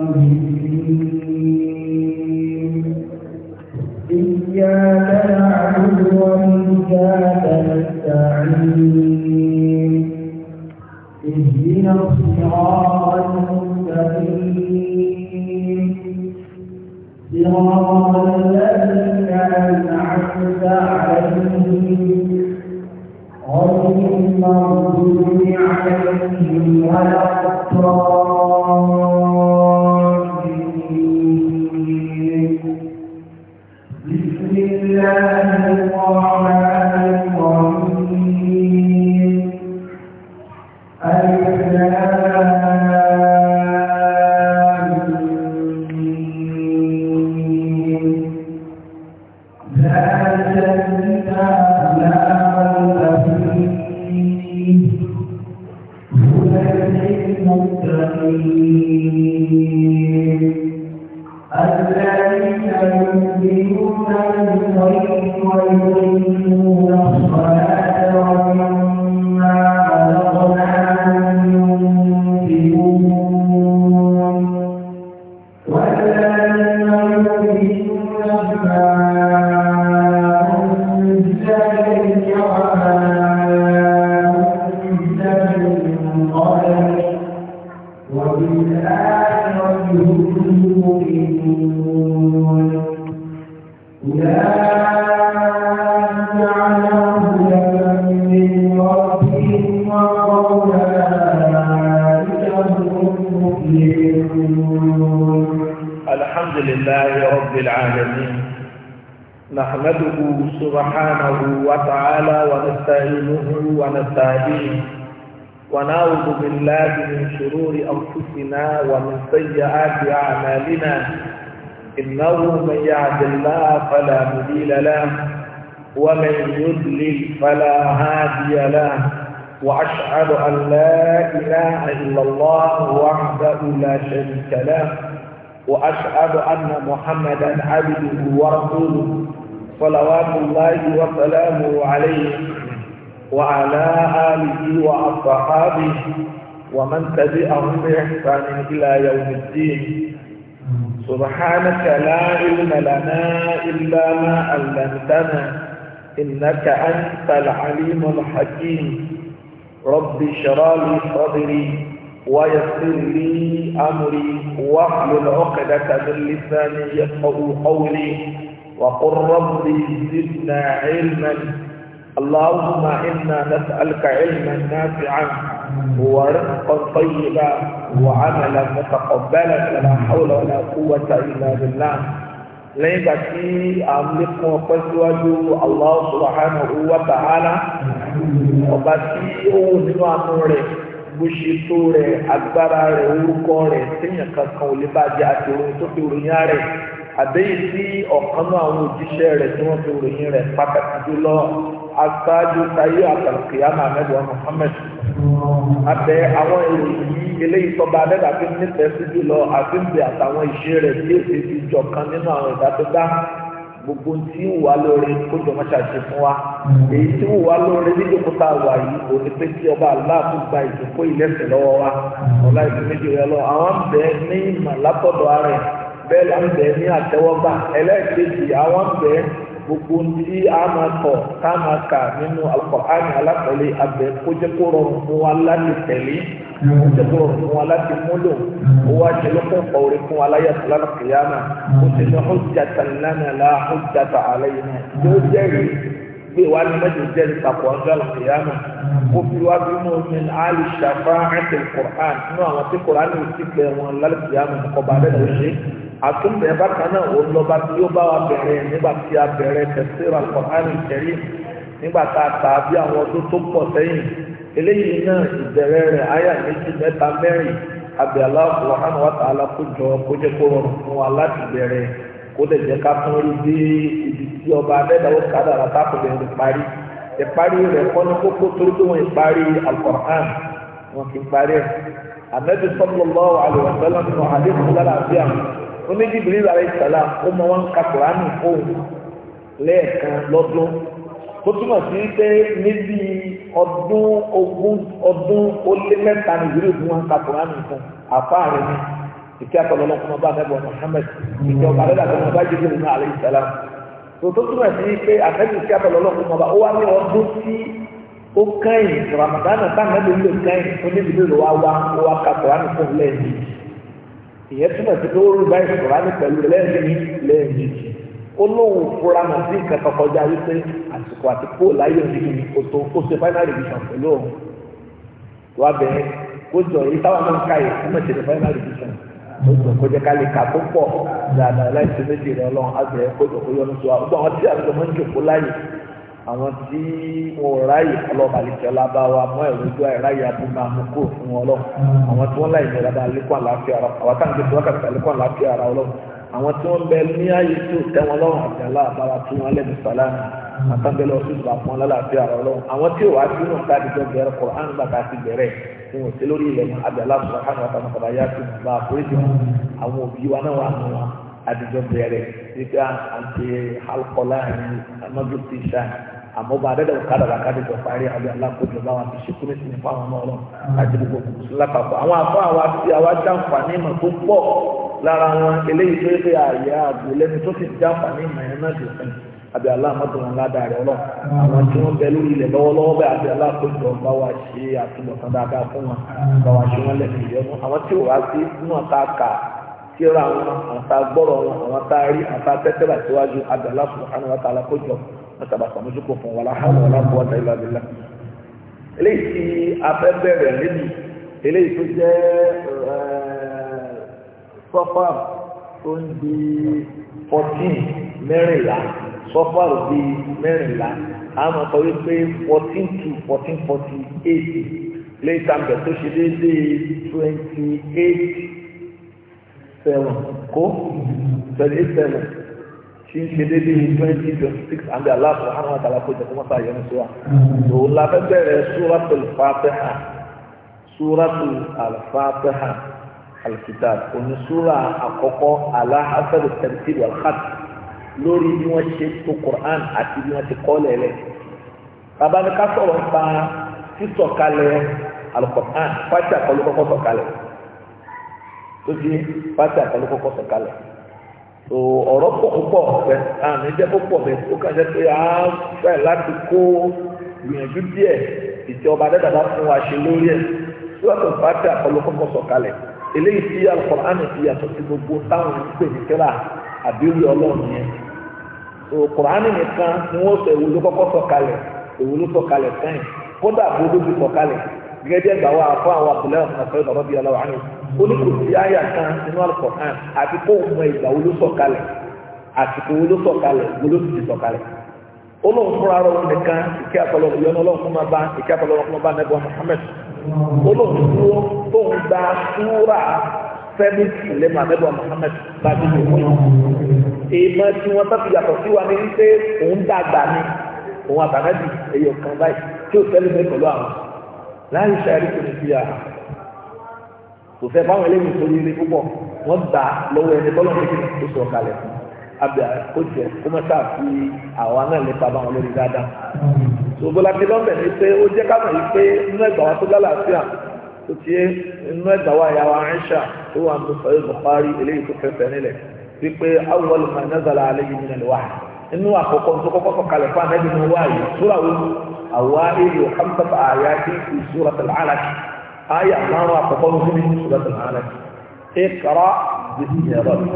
العالمين الحمد لله رب العالمين نحمده سبحانه وتعالى ونستعينه ونستهديه ونعوذ بالله من شرور أنفسنا ومن سيئات أعمالنا إنه من يهد الله فلا مضل له ومن يضلل فلا هادي له وأشهد أن لا إله إلا الله وحده لا شريك له وأشهد أن محمدا عبده ورسوله صلوات الله وسلامه عليه وعلى آله وأصحابه ومن تبعهم بإحسان إلى يوم الدين سبحانك لا علم لنا إلا ما علمتنا إنك أنت العليم الحكيم رب اشرح لي صدري ويسر لي امري واحلل عقدة من لساني يفقه قولي وقل ربي زدنا علما اللهم انا نسالك علما نافعا ورزقا طيبا وعملا متقبلا ولا حول ولا قوه الا بالله lẹ́yìn ìgbà tí àlékún ọpẹ́ síwájú Allah subhanahu wa ta'ala ọba tí ó wù nínú àánú rẹ̀ bó ṣe tó rẹ̀ agbára rẹ̀ orúkọ rẹ̀ téèyàn kankan ò lè bá jẹ́ àti ohun tó fi ròyìn rẹ̀ àbẹ́yìí sí ọ̀kan náà àwọn òjíṣẹ́ rẹ̀ tí wọ́n fi ròyìn rẹ̀ pàtàkì jùlọ aṣáájú ayé àtàkìyàmà mẹ́wàá Muhammad àtẹ àwọn èyí eléyìí tọba adẹ́dà fi nífẹ̀ẹ́ sí jùlọ àti ń bẹ àtàwọn ìṣe rẹ̀ tí ó fi fi jọ kan nínú àwọn ìdá tó dá gbogbo tí wà lórí kójọ mọ́ṣáṣe fún wa èyí tí wà lórí nídòkúta wà yìí kò ní pé kí ọba aláàbò gba ìdókò ìlẹ́sẹ̀ lọ́wọ́ wa ọ̀la ìlú méjì rẹ lọ àwọn bẹ ní ìmọ̀ látọ̀dọ̀ ara rẹ̀ bẹ́ẹ̀ là ń bẹ ní àtẹ́wọ́gbà ẹlẹ́ẹ̀kejì àwọn bẹ gbogbo tí a máa tọ̀ ká máa kà nínú Al-Qur'ani alákọ̀ọ́lẹ̀ abẹ kó jẹ́ kó rọrùn fún wa láti tẹ̀lé kó jẹ́ kó rọrùn fún wa láti múlò ó wá jẹ́ lọ́kọ̀ ọ̀rẹ́ fún wa láyé àtàlánà kìyàmà ó ti ní hujjata lana la hujjata alayna yóò jẹ́rìí gbé wa ní mẹ́jọ jẹ́ ìtàkùn ọjọ́ àlùkìyàmà kó fi wá bí mo ní àlù ṣàfáà àti Al-Qur'an àwọn tí Qur'an ní àtúntẹ̀ bákan náà òun lọ́ba tí ó bá wa bẹ̀rẹ̀ nígbà tí a bẹ̀rẹ̀ tẹ̀síra kọ̀hánì kẹrí nígbà tá a tà bí àwọn ọdún tó pọ̀ sẹ́yìn eléyìí náà ìbẹ̀rẹ̀ rẹ̀ àyà méjì mẹ́ta mẹ́rin àbí Allah wa ta'ala kó jọ kó jẹ́ kó rọrùn fún wa láti bẹ̀rẹ̀ kó lè jẹ́ ká tún rí bí ibi tí ọba adẹ́dáwó kádàrà tákùnrin rẹ̀ parí ìparí rẹ̀ kọ́ni onídìbìrì rà ìsàlá ó mọ wọn ka kùránì fóun lẹ́ẹ̀kan lọ́dún tó túmọ̀ sí pé níbi ọdún ogún ọdún ó lé mẹ́ta nìgbèrè ògùn wọn ka kùránì fún àfáà rẹ̀ ni ìkí akọlọlọ fún ọba àtẹ̀bọ̀ Muhammad ìkí ọba àtẹ̀bọ̀ àtẹ̀bọ̀ ọba jẹ́ ìlú alẹ́ ìsàlá tó tó túmọ̀ sí pé àtẹ̀bọ̀ ìkí akọlọlọ fún ọba ó wá ní ọdún tí ó kẹ́yìn ramadana táwọn ẹgbẹ́ ìlú kẹ́yìn onídìbò ìyẹn túmọ̀ sí pé ó rúbá ìfura ní pẹ̀lú lẹ́yìn lẹ́yìn ó lóun fura mọ̀ sí nǹkan kan kọjá wípé àsìkò àti kó láyé òdìdí ni kò tó kó ṣe final revision pẹ̀lú òun wá bẹ̀rẹ̀ kó jọ èyí táwọn náà ń ka yìí kó mọ̀ ṣe final revision ó jọ kó jẹ́ ká lè kà tó pọ̀ dáadáa láìsí méjì rẹ̀ ọlọ́run á bẹ̀rẹ̀ kó jọ kó yọ àwọn tí wọn ò ráyè ọlọ́ba àlejò ọlábá wa mọ́ ẹ̀rọ ojú àìráyè abúlé amúkó fún ọlọ́run àwọn tí wọ́n láì nira dáa lékún àlàáfíà ara àwọn táǹkì tí wọ́n kàkà lékún àlàáfíà ara ọlọ́run àwọn tí wọ́n bẹ ní ààyè tí ò tẹ́ wọn lọ́rùn àti aláàbára tí wọ́n lẹ́nu sàlámù àtàbẹ̀lẹ̀ ọ̀sùn ìgbà fún ọlọ́láàfíà ara ọlọ́run àwọn tí ò wá sí wọn káàdì jọ bẹ̀rẹ̀ kọ̀ á ń gbà ká ti àdìjọ bẹ̀rẹ̀ nígbà àti alkọ́lá àmọ́jú ṣáà àmọ́ bá dẹ́dẹ̀ òkàdà bá kájọ jọ parí àbí alákòjọ bá wọn fi ṣe kúrò sí nípa àwọn ọmọ ọlọ́run àti gbogbo mùsùlùmí lápapọ̀ àwọn afọ àwọn àti àwọn ajáǹfààní ìmọ̀ tó pọ̀ lára wọn eléyìí tó ṣe àyè ààbò lẹ́nu tó sì jáǹfààní ìmọ̀ yẹn náà dùn fún àbí aláàmọ́tò wọn ládàá rẹ̀ ọlọ́run àwọn tí wọ́n bẹ lórí ilẹ̀ lọ́wọ́lọ́wọ́ bẹ́ẹ̀ àbí alákòjọ bá wa ṣe àtúbọ̀tán dáadáa fún wọn bá wa ṣe wọn lẹ́nu ìyẹn àwọn tí àwọn tá a gbọ́rọ̀ wọn àwọn tá àwọn tá ọ̀sàbà sàmójúkò fún wàlá hàlù wàlá bọ́ ọ̀tà ìlú abilá eléyìí tí a fẹ́ bẹ̀rẹ̀ nínú eléyìí tó jẹ́ eh, sọ́fà tó ń di fourteen mẹ́rìnlá sọ́fà ò di mẹ́rìnlá a sọ wípé fourteen to fourteen forty eight léyìí tàbí tó ṣe déédéé twenty eight seven kó twenty eight seven tí ń ṣe dédé ní twenty twenty six àbí aláàfin àwọn àtàlàkọ ìjọba wọn sá yẹn sọ wa. òun la fẹ́ bẹ̀rẹ̀ súratul fatiha súratul alfatiha alkitab òní súra àkọ́kọ́ aláhàfẹ́lú tẹ̀síwì alhat lórí bí wọ́n ṣe tó Qur'an àti bí wọ́n ti kọ́ lẹ́lẹ̀. bàbá mi ká sọ̀rọ̀ nípa sísọ̀kalẹ̀ alukọ̀tán fati àkọlù kọ́kọ́ sọ̀kalẹ̀ tó ti fati àkọlù kọ́kọ́ sọ̀kalẹ̀ ọ̀rọ̀ pọ̀ púpọ̀ bẹ́ẹ̀ àmì jẹ́ púpọ̀ bẹ́ẹ̀ ó kàn jẹ́ pé a fẹ́ láti kó gbìyànjú díẹ̀ ìjọba dẹ́dàbá fún wa ṣe lórí ẹ̀ síwájú ìbátẹ́ àpọ̀lọ́kọ́kọ́ sọ̀kalẹ̀ eléyìí tí Al-Qur'an ti yàtọ̀ sí gbogbo táwọn ń pè ní kíra àbíwí ọlọ́run yẹn Al-Qur'an nìkan ni wọ́n sọ ìwúlò kọ́kọ́ sọ̀kalẹ̀ ìwúlò sọ̀kalẹ̀ sẹ́yìn kódà bó ló ti sọ̀kalẹ̀ gẹ́gẹ́ bí ẹgbàá wa fún àwọn abúlé ọ̀sán àfẹ́ bàbá bíi ọlọ́wà ánú ó ní kò sí àyà kan nínú àlùkò kan àti kó mọ ìgbà wo ló sọ̀kalẹ̀ àsìkò wo ló sọ̀kalẹ̀ wo ló ti sọ̀kalẹ̀ ó lóun fúnra rẹ̀ wọn nìkan ìkẹ́ àpọ̀lọ́ ìyọ́nú ọlọ́run fún máa bá ìkẹ́ àpọ̀lọ́ ọlọ́run fún máa bá nẹ́bọ̀ Muhammad ó lóun dúró tóun gba súrà sẹ́mìtì lẹ́mọ̀ nẹ́bọ̀ Muhammad bá ti lò wọ́n èèmọ̀ tí wọ́n bá yàtọ̀ sí wa ní wípé òun dàgbà ni òun àbànájì èyí ò kan báyìí tí ò tẹ́lẹ̀ mẹ́ pẹ̀lú àwọn láyé sẹ́rí kò ní ya à kò fẹ́ báwọn eléyìí tó yiri púpọ̀ wọ́n gbà lọ́wọ́ ẹni tọ́lọ́ ní kí sọ kalẹ̀ abẹ kó má sáà fi àwa náà nípa báwọn lórí dáadáa pé ó jẹ́ ká mọ̀ yìí pé wa tó tó ti yé wa wa tó wà ní sọ̀rọ̀ eléyìí أوائل وخمسة آيات في سورة العلق آية مرة تقول في سورة العلق اقرأ باسم ربك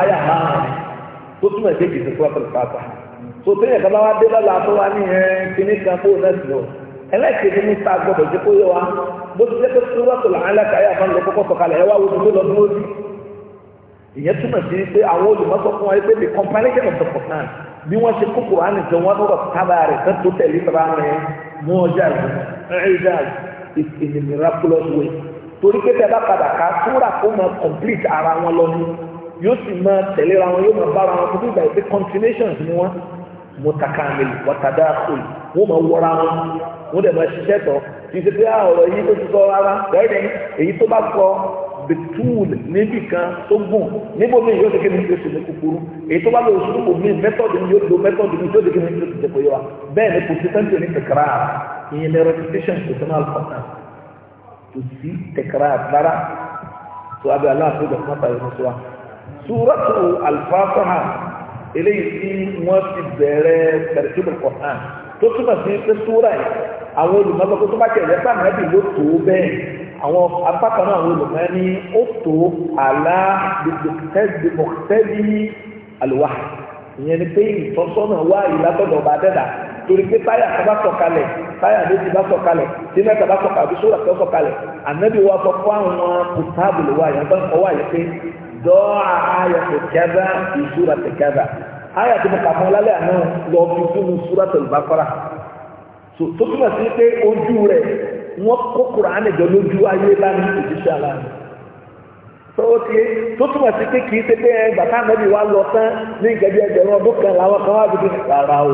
آية هاني تسمى تيجي في سورة الفاتحة sotí yẹn kaba wa dé lọ́la tó wa ní ẹ kíní kan kó náà sùn ẹlẹ́kìnrin ní ta gbọdọ̀ jẹ́ kó yẹ wa bó ti jẹ́ pé suratul alaq ayé àfọ̀n lọ kọ́kọ́ sọ̀kalẹ̀ ẹ wá wo dúró lọ dúró sí ìyẹn túmọ̀ sí pé àwọn olùmọ̀sọ̀ fún wa pé the compilation of the Quran bí wọ́n ṣe kókò á nìkan wọ́n rọ̀ tábà rẹ̀ fẹ́ tó tẹ̀lé bàbá rẹ̀ mú ọjà rẹ̀ ẹ̀ẹ́dà in a miraculous way torí pé tẹ́ bá padà ká súrà kó máa complete ara wọn lọ ní yóò sì máa tẹ̀léra wọn yóò máa bára wọn fún bíbá ìpè continuations ni wọn mutakamil watadakul wọn máa wọra wọn wọn dẹ̀ máa ṣiṣẹ́ tọ̀ kì ṣe pé ah, ọ̀rọ̀ yìí ó ti sọ rárá bẹ́ẹ̀ ni èyí tó bá sọ betul níbi kan tó gùn níbo mi yóò dégé mi yóò sì ní kúkúrú èyí tó bá lọ sùn kò mí mẹ́tọ́dù mi yóò lo mẹ́tọ́dù mi yóò dégé mi yóò sì jẹ́ kó yẹ wa bẹ́ẹ̀ ni kò sí sẹ́ńtì ní tẹ̀kárà ìyẹn ní repetition kò sínú àlùfáà kò sí tẹ̀kárà rárá tó abẹ́ aláàfin ìjọba máta yẹn sọ wa. súrọ́tù àlùfáà eléyìí tí wọ́n ti bẹ̀rẹ̀ tẹ̀rẹ̀tìmù kọ̀ọ̀án tó túmọ̀ sí pé súrà yìí àwọn olùmọ̀lọ́kọ́ tó bá tẹ̀lé sáà àwọn apákan náà àwọn olùmọ̀ ní ó tó àlá bìbòkítẹ́bì àlùwà ìyẹn ni pé ìtọ́sọ́nà wá ìlàtọ̀dọ̀ ọba dẹ́dà torí pé táyà kan bá sọ̀kalẹ̀ táyà méjì bá sọ̀kalẹ̀ tí mẹ́ta bá sọ̀kalẹ̀ àbí sóra kan sọ̀kalẹ̀ ànábì wa sọ fún àwọn kùtàbùlù wa yẹn bá ń kọ́ wá yẹn pé dọ́ọ̀à ayà tẹ̀kẹ́dà ìṣúra tẹ̀kẹ́dà ayà tó mọ̀ kà fún lálẹ́ àná lọ fi fún mi sóra tẹ̀lùbákọ́ra tó túmọ̀ sí pé ojú rẹ̀ wọ́n kó kùránì jọ lójú ayé lánàá ìdíṣẹ́ aláàánú sọ́wọ́tí tó túmọ̀ sí pé kìí ṣe pé ẹ bàtà mẹ́bí wa lọ tán ní ìgbẹ́bí ẹgbẹ̀rún ọdún kan làwọn kan wá dúdú rárá o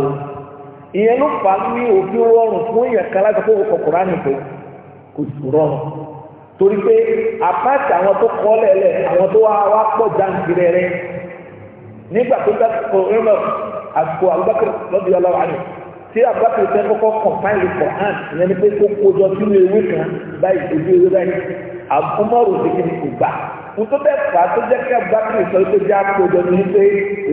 ìyẹn ló fà á ní òfin rọrùn fún ìyẹn kan láti kó kọ kùránì tó kò sì rọrùn torí pé àpáàtì àwọn tó kọ́ lẹ̀lẹ̀ àwọn tó wá wá pọ̀ jáǹkiri rẹ nígbà tó dá kọ̀ rẹ́mọ̀ àsìkò Abubakar lọ́dún yàrá wà ní tí àbápẹ̀ fẹ́ kọ́kọ́ kọ̀ǹpáìlì kọ̀hán ìyẹn ni pé kó kojọ sínú ewé kan báyìí ojú ewé báyìí àbúmọ̀rò ti kí ni kò gbà nítorí bẹ́ẹ̀ fà á tó jẹ́ kí àbápẹ̀ sọ pé já kojọ ní pé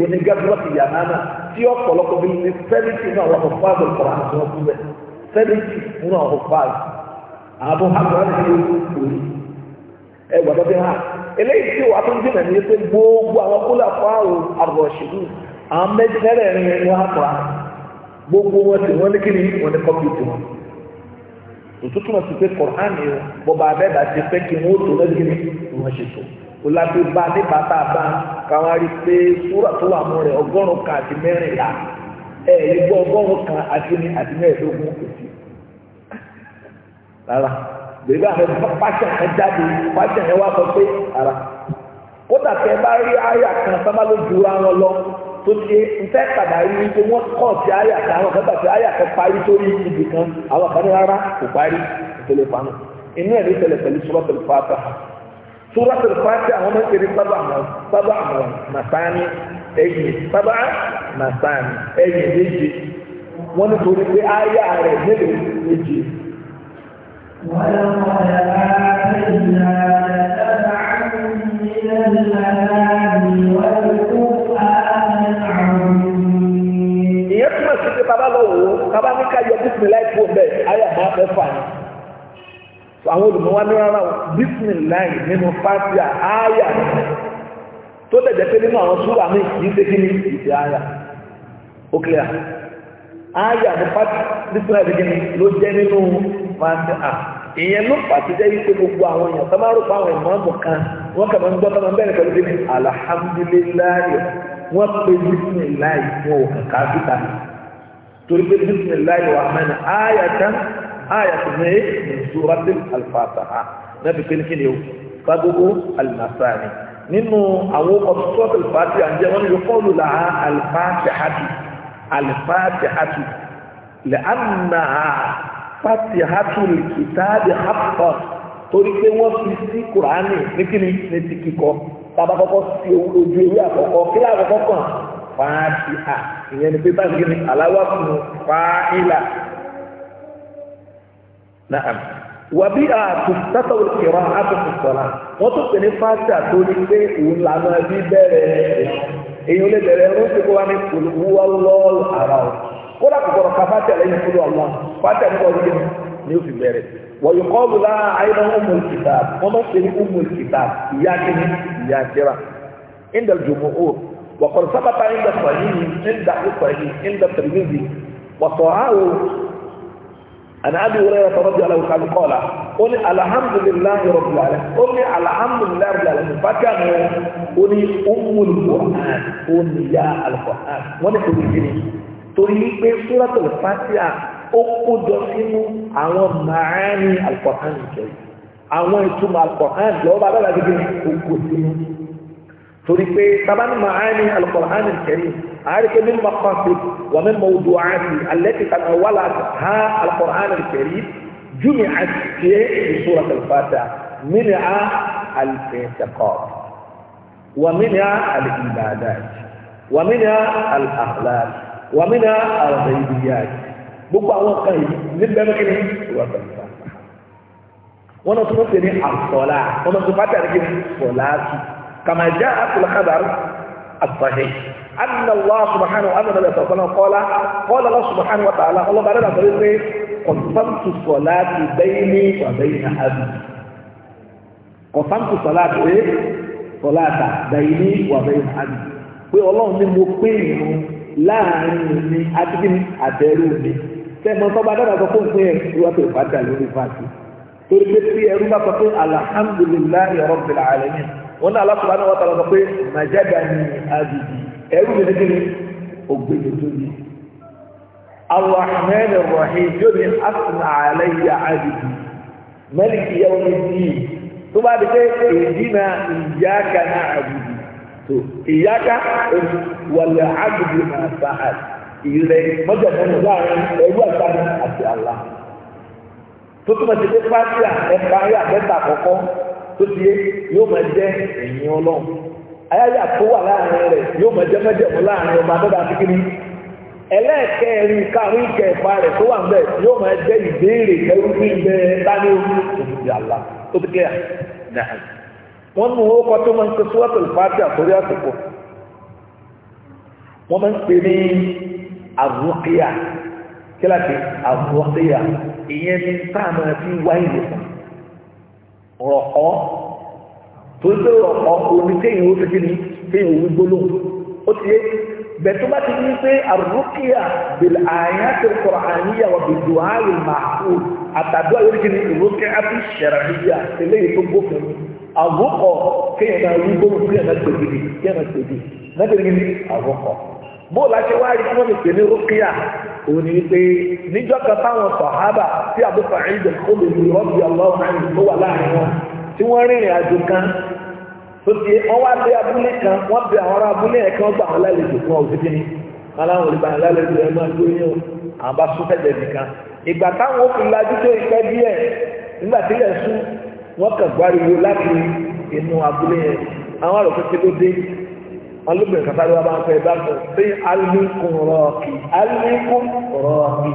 òní gàdúrọ̀tì yàrá náà tí ọ̀pọ̀lọpọ̀ bí ní sẹ́mìtì náà wà fún fáàbù kọ̀hán tó wọ́n fún bẹ́ẹ̀ sẹ́mìtì náà wà fún fáàbù àbọ̀ àgbọ̀n ti kò rí ẹ gbogbo wọn ti wọn ní kíni wọn ní kọ́pì wọn ti pé yìí bọba ti pé kí wọn ó tó tó o la fi ba ní bàtà bá káwọn rí pé súrà tó wà mú rẹ ọgọ́rùn kan àti gbọ́ ọgọ́rùn kan àti ní àti òsì rárá bèbí àwọn pàṣẹ jáde pàṣẹ wá sọ pé rárá kódà tẹ bá rí àyà tó ti nfẹ́ padà rí i pé wọ́n kọ̀ sí àyà kan àwọn kan pàṣẹ àyà kan parí sórí ibì kan àwọn kan ní rárá kò parí ìtẹ̀lẹ̀ pamọ́ inú ẹ̀rí tẹ̀lẹ̀ pẹ̀lú suratul Fatiha suratul Fatiha àwọn ọmọ ìṣẹ̀lẹ̀ sábà sábà màsáni ẹ̀yìn sábà màsáni ẹ̀yìn méje wọ́n ní torí pé àyà rẹ̀ nílò méje. ولقد آتينا سبعا من المثاني kaba ní ká yọ bisimilayi kó bẹ́ẹ̀ ayé àmọ́ mẹ́fà ni àwọn olùmọ̀wá ní rárá bisimilayi nínú fásitì ayé tó dẹ̀jẹ̀ pé nínú àwọn súwà mi kì í ṣe kí ni ìṣe ayé ó kílẹ̀ ayé àmọ́ fásitì bisimilayi kí ni ló jẹ́ nínú fásitì à ìyẹn ló pàṣẹ jẹ́ wípé gbogbo àwọn èèyàn tó máa rò pa àwọn ìmọ̀ọ́mù kan wọ́n kà máa ń gbọ́ tó máa ń bẹ̀rẹ̀ pẹ̀lú bíi alhamdulilayi wọ́n pe bisimilayi fún òkàkà síta torí pé bisimilahi rahman ayatan ayatan ní suratul alfataha náà fi kéde kéde o fagbogbo alimasani nínú àwọn ọ̀sọ́tò alfatiha ń jẹ́ wọ́n yóò kọ́ọ̀lù là á alfatihatu alfatihatu lẹ́àmà fatihatu kìtàbí hapọ̀ torí pé wọ́n fi sí kùránì ní kíni ní ti kíkọ́ tàbá kọ́kọ́ sí ojú ewé àkọ́kọ́ kílà àkọ́kọ́ kàn fàáṣìá ìyẹn ni pé bá ṣe ní aláwàkùn fàáìlà náà wàbí àtúntàtàwò kìrọ àtúntàtàlà wọn tún pè ní fàáṣìá tó ní pé òun lànà bí bẹ̀rẹ̀ èyí ò lè bẹ̀rẹ̀ ẹ̀rọ tó kó wá ní olùwúwa lọ́ọ̀lù ara o kódà kòkòrò ká fàáṣìá lẹ́yìn fúlọ̀ ọ̀la fàáṣìá ní wọ́n yẹ ní o fi bẹ̀rẹ̀ wọ́n yóò kọ́ ọ́ bùlá àyẹ̀dọ̀ ọmọ ìkìtà ọmọ ìkìtà ìyá kìíní ìyá kìíra indal jumu'ur وقد ثبت عند الصحيح عند الصحيح عند الترمذي وصاعه عن ابي هريره رضي الله عنه قال قل الحمد لله رب العالمين قل الحمد لله رب العالمين فكان قل ام القران قل يا القران وانا قل كده torí pé súrátù fàtíà ó kójọ sínú àwọn màání alkọ̀hán ìjọ àwọn ìtumọ̀ alkọ̀hán ìjọ ọba dára torí pé tabani maani al-Qur'an al-Karim àárẹ̀kẹ́ min maqasid wa min mawdu'ati allati tanawalat ha al-Qur'an al-Karim jumi'at fi surat al-Fatiha minha al-i'tiqad wa minha al-ibadat wa minha al-akhlaq wa minha al gbogbo àwọn kan yìí níbẹ̀ bẹ́ẹ̀ ni surat al wọn náà tún bẹ́ẹ̀ ni àfọlá wọn náà tún bá tẹ̀lé كما جاء في الخبر الصحيح أن الله سبحانه وتعالى النبي صلى الله عليه وسلم قال قال الله سبحانه وتعالى الله بعدنا طريقه قسمت الصلاة بيني وبين أبي قسمت الصلاة إيه؟ صلاة بيني وبين أبي pé ọlọ́run ní mo pín ìrun láàrin mi àti bí àbẹ̀rù mi sẹ́mọ̀ tó bá dára sọ fún ìpín ẹ̀rù wá pé ìbádà lórí fàájì torí pé tí ẹrú bá sọ pé alhamdulillahi rabbil alamin wọn náà alákùnrin náà wọ́n tà lọ́kọ̀ pé nàìjíríà ni àbìbì ẹrú mi nígbìn ògbèjì tó yẹ. alrahman rahim yóò ní asùnà àlẹyà àbìbì mẹ́lìkì yẹ́wò ní bíi tó bá di pé èyí náà ìyáka náà àbìbì tó ìyáka wàlẹ̀ àbìbì náà sáà ìrẹ́ mọ́jọ̀mọ́nù láàrin ẹrú àtàlẹ́ àti àlá tó túmọ̀ sí pé pàṣẹ ẹ̀ka ayé àbẹ́ta àkọ́kọ́ tó ti yé yóò máa jẹ ẹ̀yìn ọlọ́run ayáyà tó wà láàrin rẹ̀ yóò máa jẹ mẹ́jẹ̀mú láàrin ọba dọ́gba kíkiri ẹlẹ́ẹ̀kẹrin karùn-ún ìkẹfà rẹ̀ tó wà ń bẹ̀ yóò máa jẹ ìbéèrè kẹrùfín bẹ láni omi òbí àlá tó ti kẹ́yà náà wọ́n mú owó kọ́ tó máa ń pe sọ́ọ̀tù fàájì àtòrí àsìkò wọ́n máa ń pè ní àbúkíyà kí láti àbúkíyà ìyẹn ní táàmù àti wáyé nìkan rọ̀kọ́ tó ń pè rọ̀kọ́ omi téèyàn ó fi kí ni téèyàn ó gbólóhùn ó ti yé bẹ̀tú bá ti ní pé àrùkíyà bìlà àyàtò kọ̀ọ̀ánìyà wà bìdù ààrùn màáfù àtàdúrà yóò kí ni ìrúkẹ́ àti ṣẹ̀rẹ̀yà eléyìí tó gbófin àwòkọ̀ kéèyàn náà rúgbó kéèyàn náà gbèdìdì kéèyàn náà gbèdìdì bó láti wá rí fún mi pè ní rúkìá òun ni pé níjọ́ kan táwọn sàhábà tí àbúkọ àìjẹ kó lè lu rọ́bì ọlọ́run àìjẹ tó wà láàrin wọn tí wọ́n rìnrìn àjò kan tó ti wọ́n wá dé abúlé kan wọ́n bẹ àwọn ará abúlé yẹn kí wọ́n gbà wọn lálejò fún ọ òsì ní aláwọn olùgbà lálejò ẹ máa gbé yín o àwọn bá sún fẹ́jẹ̀ nìkan ìgbà táwọn òfin lajú tó ìpẹ́ díẹ̀ nígbà tí ilẹ̀ sún wọ́n kàn gbáriwo láti inú abúlé yẹn àwọn àròkọ wọn ló bẹ̀rẹ̀ kàtàrí wa bá ń fẹ́ bá bọ̀ pé alimikun rọ́ọ̀kì alimikun rọ́ọ̀kì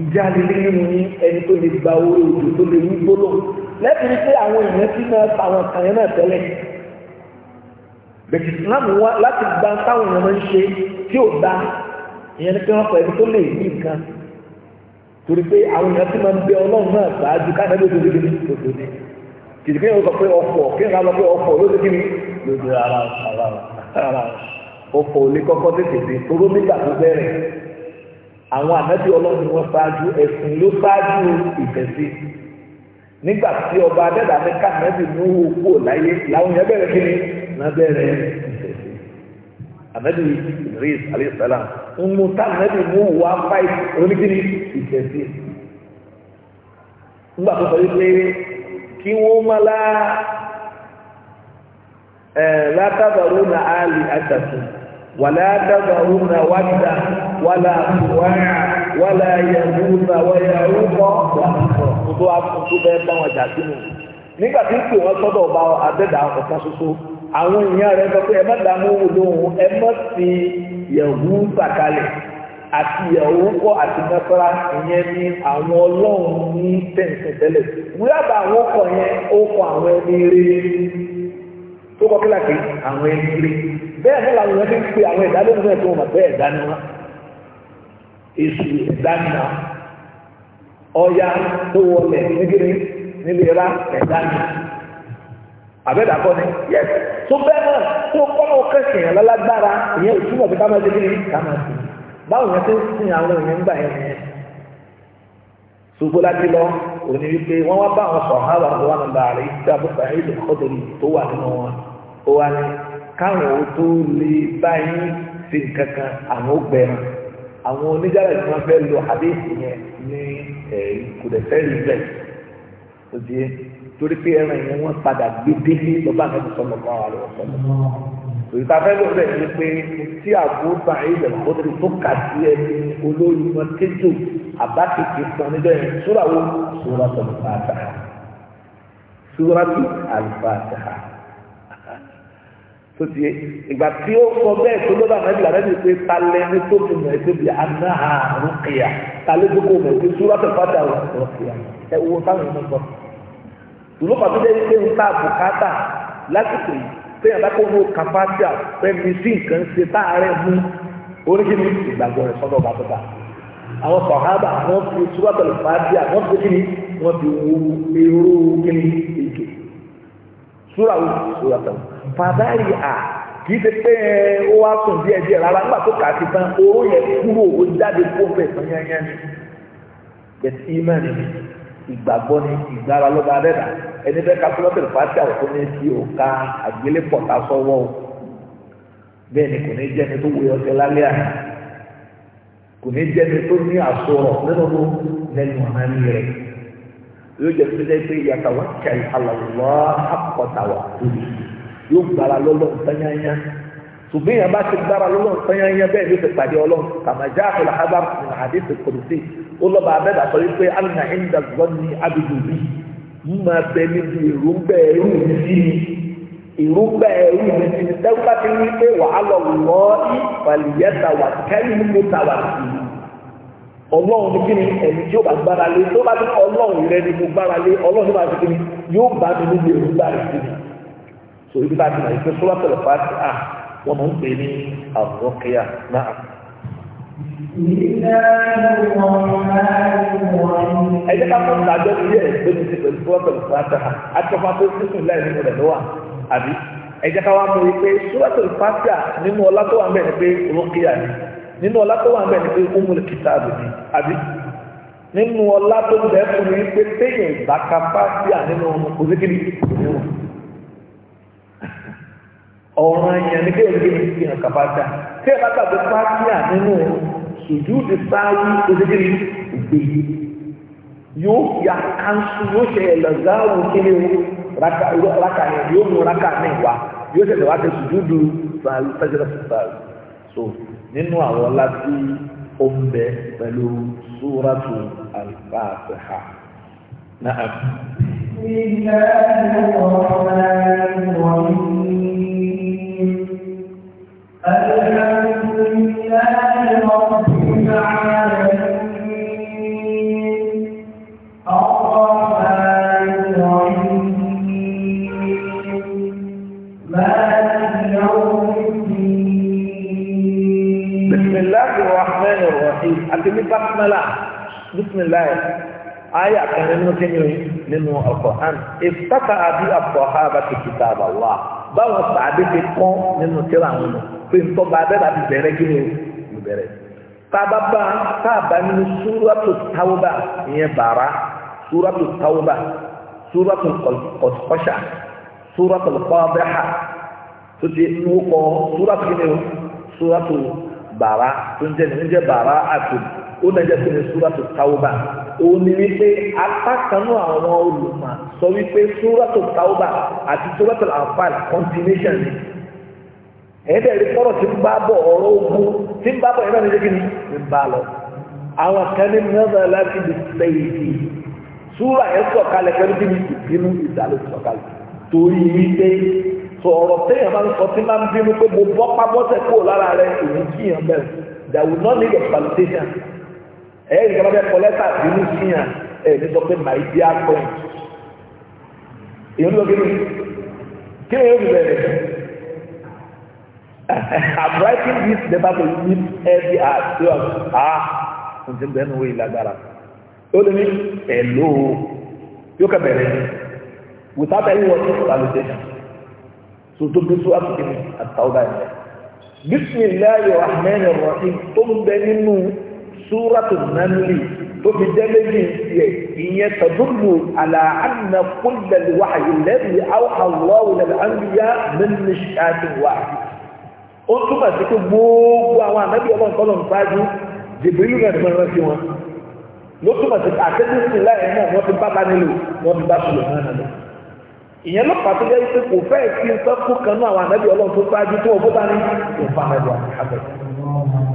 ìjà lílé nínú ní ẹni tó lè gba owó òjò tó lè ní gbólóhùn lẹ́tìrí pé àwọn èèyàn ti máa pa àwọn kan yẹn náà tẹ́lẹ̀ bẹ̀tì sinamu wa láti gba táwọn èèyàn máa ń ṣe tí ò da ìyẹn ni pé wọ́n pẹ̀lú tó lè ní nǹkan torí pé àwọn èèyàn ti máa ń bẹ ọlọ́run náà ṣáájú ká nàbẹ́ òdodo ní òdodo ní kìdìkì yẹn ó sọ pé ọkọ̀ kí n ká lọ pé ọkọ̀ ló ti kí ni lójú ara ara ọkọ̀ òní kọ́kọ́ tètè dé toró tó bẹ̀rẹ̀ àwọn ànábì ọlọ́run wọn ṣáájú ẹ̀sìn ló nígbà tí ọba adẹ́dà ní kàmẹ́bì mú òkú òláyé làwọn yẹn bẹ̀rẹ̀ kí ni bẹ̀rẹ̀ ń mú mú nígbà لا تذرون آلهتكم ولا تذرون ودا ولا سواع ولا يغوث ويعوق gbogbo akutu bẹ́ẹ̀ bá wọn jà nígbà tí ń wọn sọ́dọ̀ ọba àbẹdà ọkàn ṣoṣo àwọn èèyàn sọ pé ẹ má dààmú lóhùn ẹ má àti àti ìyẹn ní àwọn ní wíwá bá àwọn ọkọ̀ yẹn ó kọ àwọn ẹni rere tó kọ kílàkì àwọn ẹgbẹ́ bẹ́ẹ̀ ní làwọn ẹgbẹ́ ń pe àwọn ẹ̀dá lónìí tó wọn bẹ́ẹ̀ èsì ẹ̀dá ọya tó wọlé nígiri níbi ra ẹ̀dá ni àbẹ́dà kọ́ ni yẹ tó bẹ́ẹ̀ náà tó kọ́nà kẹsì lálágbára ìyẹn ò ká máa ká máa báwo ti ń àwọn ń gbà yẹn lọ òní wípé wá bá àwọn ó wá ní káwọn ò tó lè báyìí sí nǹkan kan àwọn ó gbẹ̀rẹ̀ àwọn oníjàlá tí wọ́n fẹ́ lo àdéhùn yẹn ní kò dẹ̀ fẹ́ rí bẹ́ẹ̀ ó di é torí pé ẹran yẹn wọ́n padà gbé délé lọ́ba àgbẹ̀bí sọ̀rọ̀ kan wà lọ́wọ́ sọ̀rọ̀ òyìnbá fẹ́ ló bẹ̀ ni pé tí àbúrò ilẹ̀ kọ́tẹ́lẹ̀ tó kà sí ẹni olórí wọn kéjò àbá kékeré níbẹ̀ yẹn sóra wo sóra tó lè fà á dáa sóra tó àlùfáà dáa tó ti ìgbà tí ó sọ bẹ́ẹ̀ tó ló bá nàbí làbẹ́bí pé talẹ́ ní tó fi mọ̀ ẹ́sẹ̀ bí anáhà rúkìá talẹ́ tó kò mọ̀ ẹ́sẹ̀ súrà tẹ̀fátà rúkìá ẹ wo táwọn ọmọ sọ. ìlú pàtó jẹ́ pé ń ta bùkátà lásìkò yìí téèyàn bá kó mú kàfáàtì àpẹẹmí sí nǹkan ṣe táàárẹ̀ mú oríṣiríṣi ìgbàgbọ́ rẹ̀ sọ́dọ̀ bá tó àwọn sọ̀hábà wọ́n fi fàdárì à kì í ṣe pé eh, ó wá sùn díẹ̀ díẹ̀ rárá nígbà tó kà á ti tán oró yẹn kúrò ó jáde kó fẹ̀ tán yányán ni bẹ̀tí ìmọ̀ni ìgbàgbọ́ ni ìgbára lọ́ba adẹ́dà ẹni bẹ́ẹ̀ ká fúlọ́tẹ̀ fàtí àwòkọ́ ní ti òka àgbélépọ̀ ká sọ́wọ́ o bẹ́ẹ̀ ni kò ní jẹ́ ni tó wúyọ ọtẹ lálẹ́ àná kò ní jẹ́ ni tó ní àsọ̀rọ̀ nínú lẹ́nu ọ̀nà ní rẹ̀ yóò jẹ́ pé pé yàtọ̀ wá kẹ́ yóò gbára lọ́lọ́ ntanyanya ṣùgbọ́n yẹn bá ti gbára lọ́lọ́ ntanyanya bẹ́ẹ̀ ló ti pàdé ọlọ́run kàmájà àtọ̀là ábà nínú àdéhùn kòrìsì ó lọ́ba abẹ́dà sọ wípé alìnà ẹ̀ńdà gbọ́ni abidu bí mo máa bẹ níbi èròǹgbà ẹrú mi sí ni èròǹgbà ẹrú mi sí ni tẹ́wọ́n bá ti rí pé wàhálà wọ́ ìfàlìyẹ́ta wà kẹ́yìn mú ta wà sí i ọlọ́run ní kíni ẹ̀mí tí ó bá gbára lé tó bá ní ọlọ́run rẹ ni mo gbára lé ọlọ́run ní bá ti kíni yóò bá mi níbi èròǹgbà rẹ sí ni so ibi láti mọ̀ ìpè sọ́wọ́ pẹ̀lú pàṣẹ à wọ́n mọ̀ ń pè ní àwòrán náà. ẹ jẹ́ ká fún ìdájọ́ ilé ẹ̀ pé ní ti pẹ̀lú sọ́wọ́ pẹ̀lú pàṣẹ à àtọ́fà pé sísun láì nínú rẹ̀ lọ́wọ́ àbí ẹ jẹ́ ká wá mú i pé sọ́wọ́ pẹ̀lú à nínú ọlá tó wà ń bẹ̀ ni pé rọ́kíyà ni nínú ọlá tó wà ń bẹ̀ ni pé umul kitab ni àbí nínú ọlá tó bẹ̀ fún mi pé téèyàn ìbákapá sí à nínú òsèkìlì ọ̀ràn èèyàn ní kéèyàn gbé ní ìhàn kàbáta kéèyàn bá gbàgbé pátíà nínú sùjúdù sáwí oṣèlérí ìgbé yóò ya kanṣu yóò ṣe ẹlẹgáwò kéré rákà yẹn yóò mú rákà náà wá yóò ṣẹlẹ̀ wá ṣe sùjúdù sáwí fẹsẹrẹ sáwí so nínú àwọn ọlá tí ó pẹ̀lú súrátù al-Fatiha náà. بسم الله الرحمن الرحيم الحمد لله رب العالمين الرحمن الرحيم مالك يوم الدين بسم الله بسم الله آية كان منه كنيوي منه القرآن افتتأ بها الصحابة كتاب الله báwọn sàbẹ̀ ti kọ́ nínú tẹ́lẹ̀ àwọn ọmọ pé ntọ́ba abẹ́rẹ́ àti bẹ̀rẹ̀ kí ni o bẹ̀rẹ̀ tába bá tába nínú súrọ́tò táwọ́bà ìyẹn bàrà súrọ́tò táwọ́bà súrọ́tò kọ̀ṣà súrọ́tò kọ́ọ̀bẹ́hà tó ti wú kọ́ súrọ́tò kí ni o súrọ́tò bàrà tó ń jẹ́ ní ń jẹ́ bàrà àtòkù ó nàjà sí ní súrátù táwọ́bà òun ni wípé apá kan náà àwọn olùmọ̀ sọ wípé súrátù táwọ́bà àti súrátù àǹfààní continuation ni ẹ̀ẹ́dẹ̀ rí fọ́rọ̀ tí ń bá bọ̀ ọ̀rọ̀ ogun tí ń bá bọ̀ ìrànlẹ́ kí ni ń bá lọ àwọn kan ní nọ́ọ̀dà láti lè fẹ́ ìdí súrà ẹ̀ sọ̀kalẹ̀ pẹ̀lú bí ìbínú ìdálẹ́ sọ̀kalẹ̀ torí wípé sọ̀rọ̀ téèyàn máa ń sọ tí máa ń bínú pé mo bọ́ pábọ́sẹ̀ kúrò lára rẹ̀ èyí kíyàn bẹ̀rẹ̀ there will not need a validation ẹ̀yẹ́ ìjọba bẹ́ẹ̀ kọ́lẹ́tà bínú síyàn ẹ̀ ní sọ pé màá di akọ yìí. èyí ló kéde kí ni yóò bẹ̀rẹ̀ I'm writing this paper to live every hour so ah ǹjẹ́ bẹ́ẹ̀ ni wọ́n yìí lágbára ó lè ní ẹ̀ lóo yóò kẹ́ bẹ̀rẹ̀ ni without any word salutation so tó gbé sọ àtúntò àtàwọn báyìí. Bismillahir Rahmanir Rahim tó ń bẹ nínú súrátù nàmlì tó fi jẹ́ méjì tiẹ̀ ìyẹn tọdúnlù àlà ànà kúlẹ̀lì wà ìlẹ́bi àwòrán lẹ́bi ànbíyá mẹ́lì ṣáàtì wà. ó túmọ̀ sí pé gbogbo àwọn ànábì ọlọ́run kọ́ ló ń ṣáájú jìbìrì rẹ̀ ti máa rántí wọn. ló túmọ̀ sí pé àtẹ́jú sí láì náà wọ́n ti bá bá nílò wọ́n ti bá sùlọ̀ náà nàlọ́ ìyẹn ló pàtó yẹ pé kò fẹ́ sí sọ́kù kan náà àwọn ànábì ọlọ́run tó gbájú tó ọgbó bá ní ìfà mẹ́bọ̀ àbẹ̀.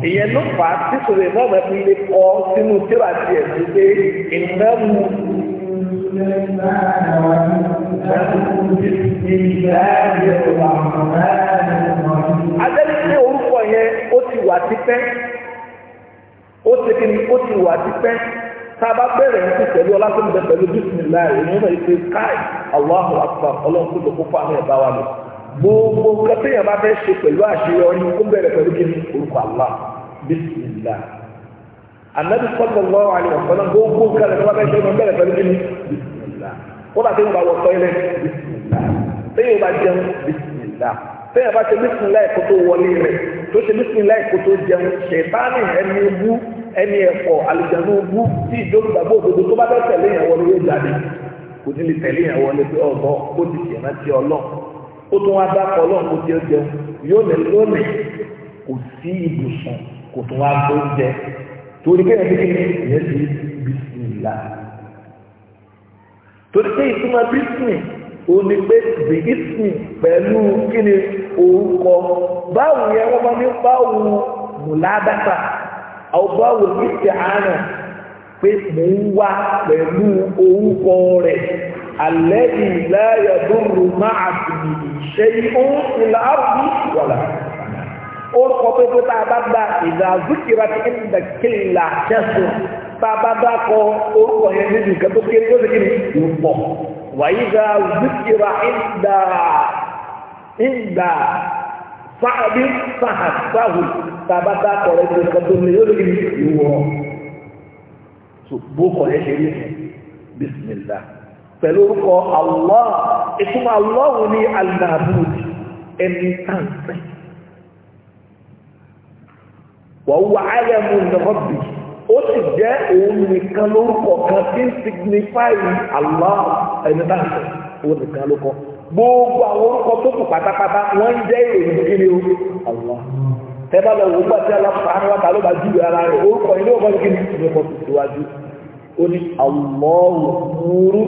ìyẹn ló fà á tí sòrè náà mẹ́bí ilé kọ sínú tíra tiẹ̀ tó dé ìnáwó. Adẹ́ni ní orúkọ yẹn ó ti wà tipẹ́, ó ti kí ni ó ti wà tipẹ́ tá a bá bẹ̀rẹ̀ ń sìn pẹ̀lú ọlá tó ń bẹ pẹ̀lú bísímìláì ìyẹn náà ṣe káì Allahu akbar ọlọ́run tó lò kó fún àwọn ẹ̀dá wa lò gbogbo kẹtẹ yẹn bá fẹ́ ṣe pẹ̀lú àṣeyọrí ó bẹ̀rẹ̀ pẹ̀lú kí ni orúkọ Allah bísímìláì anabi sallallahu alaihi wasallam gbogbo kẹlẹ tó bá fẹ́ ṣe ó bẹ̀rẹ̀ pẹ̀lú kí ni bísímìláì kódà tó ẹni ẹ̀fọ́ alìjáde ogún tí ìdókòwò òdodo tó bá fẹ́ tẹ̀lé yẹn wọlé yóò jáde kò ní lè tẹ̀lé yẹn wọlé pé ọ̀gọ́ ó ti tiẹ̀ náà ti ọlọ́ ó tún wá dákọ̀ ọlọ́run kó tiẹ̀ jẹun yóò lè lónìí kò sí ibùsùn kò tún wá tó jẹ torí pé ẹni kí ìyẹn ti bísímìlá torí pé ìtumọ̀ bísímì ó pé bísímì pẹ̀lú kí ni orúkọ báwo yẹn wọ́n bá ní báwo mùlá dáta ọba wò ní ti àná pé mò ń wá pẹ̀lú orúkọ rẹ̀ alẹ́ ìlà ẹ̀dúró máa bì ṣe ìhún ìlà àrùn wọ̀là orúkọ pépé tá a bá gba ìlà zúkìrà tí ń bẹ̀ kí là kẹ́sùn tá a bá dákọ orúkọ yẹn níbi nǹkan tó kéré yóò fi kí ni pọ̀ wàyí gba zúkìrà ń dà ń dà fáàbí fáàbí fáàbí bàbá bá kọ̀rẹ́ tó ẹ̀kọ́ tó lè yóò lè ìwọ̀ so bó kọ̀rẹ́ ṣe rí fún bisimilá pẹ̀lú orúkọ Allah ìtumọ̀ Allah ní al-mabud ẹni tàǹtẹ̀ wà wà áyàmù nọ́ọ̀bì ó sì jẹ́ òun nìkan lórúkọ kan tí ń signify Allah ẹni tàǹtẹ̀ òun nìkan lórúkọ gbogbo àwọn orúkọ tó kù pátápátá wọ́n ń ìròyìn kiri o Allah ẹ bá lọ wò ó gbàtí aláfààrà ta ló bá júwe ara rẹ̀ orúkọ yìí ló kọ́ ní kíni ìwé kọ́ tó síwájú ó ní àlọ́wù múrú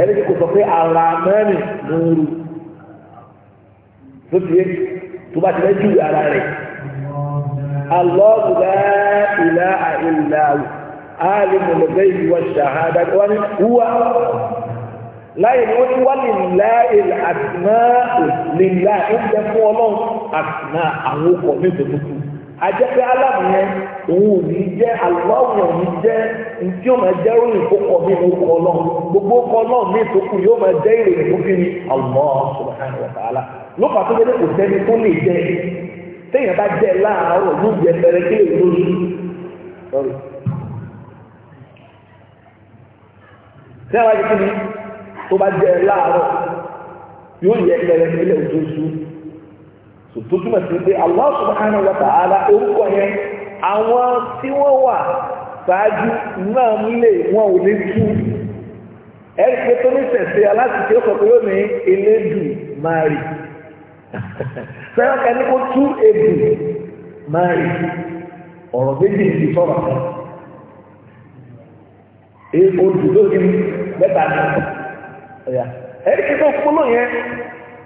ẹni tí kò sọ pé ara mẹ́rin múrú tó ti yé tó bá ti lẹ́ júwe ara rẹ̀ àlọ́wù lá ìlà àìláwù áàlì mọ̀lẹ́bẹ́ ìwà ṣàhádà wọ́n ní wúwa láyé ni wọ́n ní wá lè láyé àdìmá lè láyé oúnjẹ fún ọlọ́run àdìmá àwọn ọkọ̀ ní ìdòdòdò ajẹ́pẹ́ alámìyẹn òun ò ní jẹ́ aláwọ̀ ní jẹ́ tí ó máa jẹ́ òyìn tó kọ bí mo kọ lọ gbogbo kọ náà ní ìtókù yóò máa jẹ́ ìròyìn tó fi ní Allah subhanahu wa ta'ala ló bá jẹ kí ni tó bá jẹ láàárọ̀ yóò yẹ kẹrẹ nílẹ̀ òjòjú tó túmọ̀ sí pé Allah subhanahu wa ta'ala orúkọ yẹn àwọn tí wọ́n wà ṣáájú náà ń lè wọn ò ní tú ẹ̀rí pé tó ní sẹ̀sẹ̀ aláṣìṣe ó sọ pé ó ní elédù máa rì sẹ́wọ́n kan ní kó tú ebù máa rì ọ̀rọ̀ méjì ti sọ̀rọ̀ kan. Èèkó dùdó kí mẹ́ta ní ọ̀yà ẹ̀rí kí tó kúló yẹn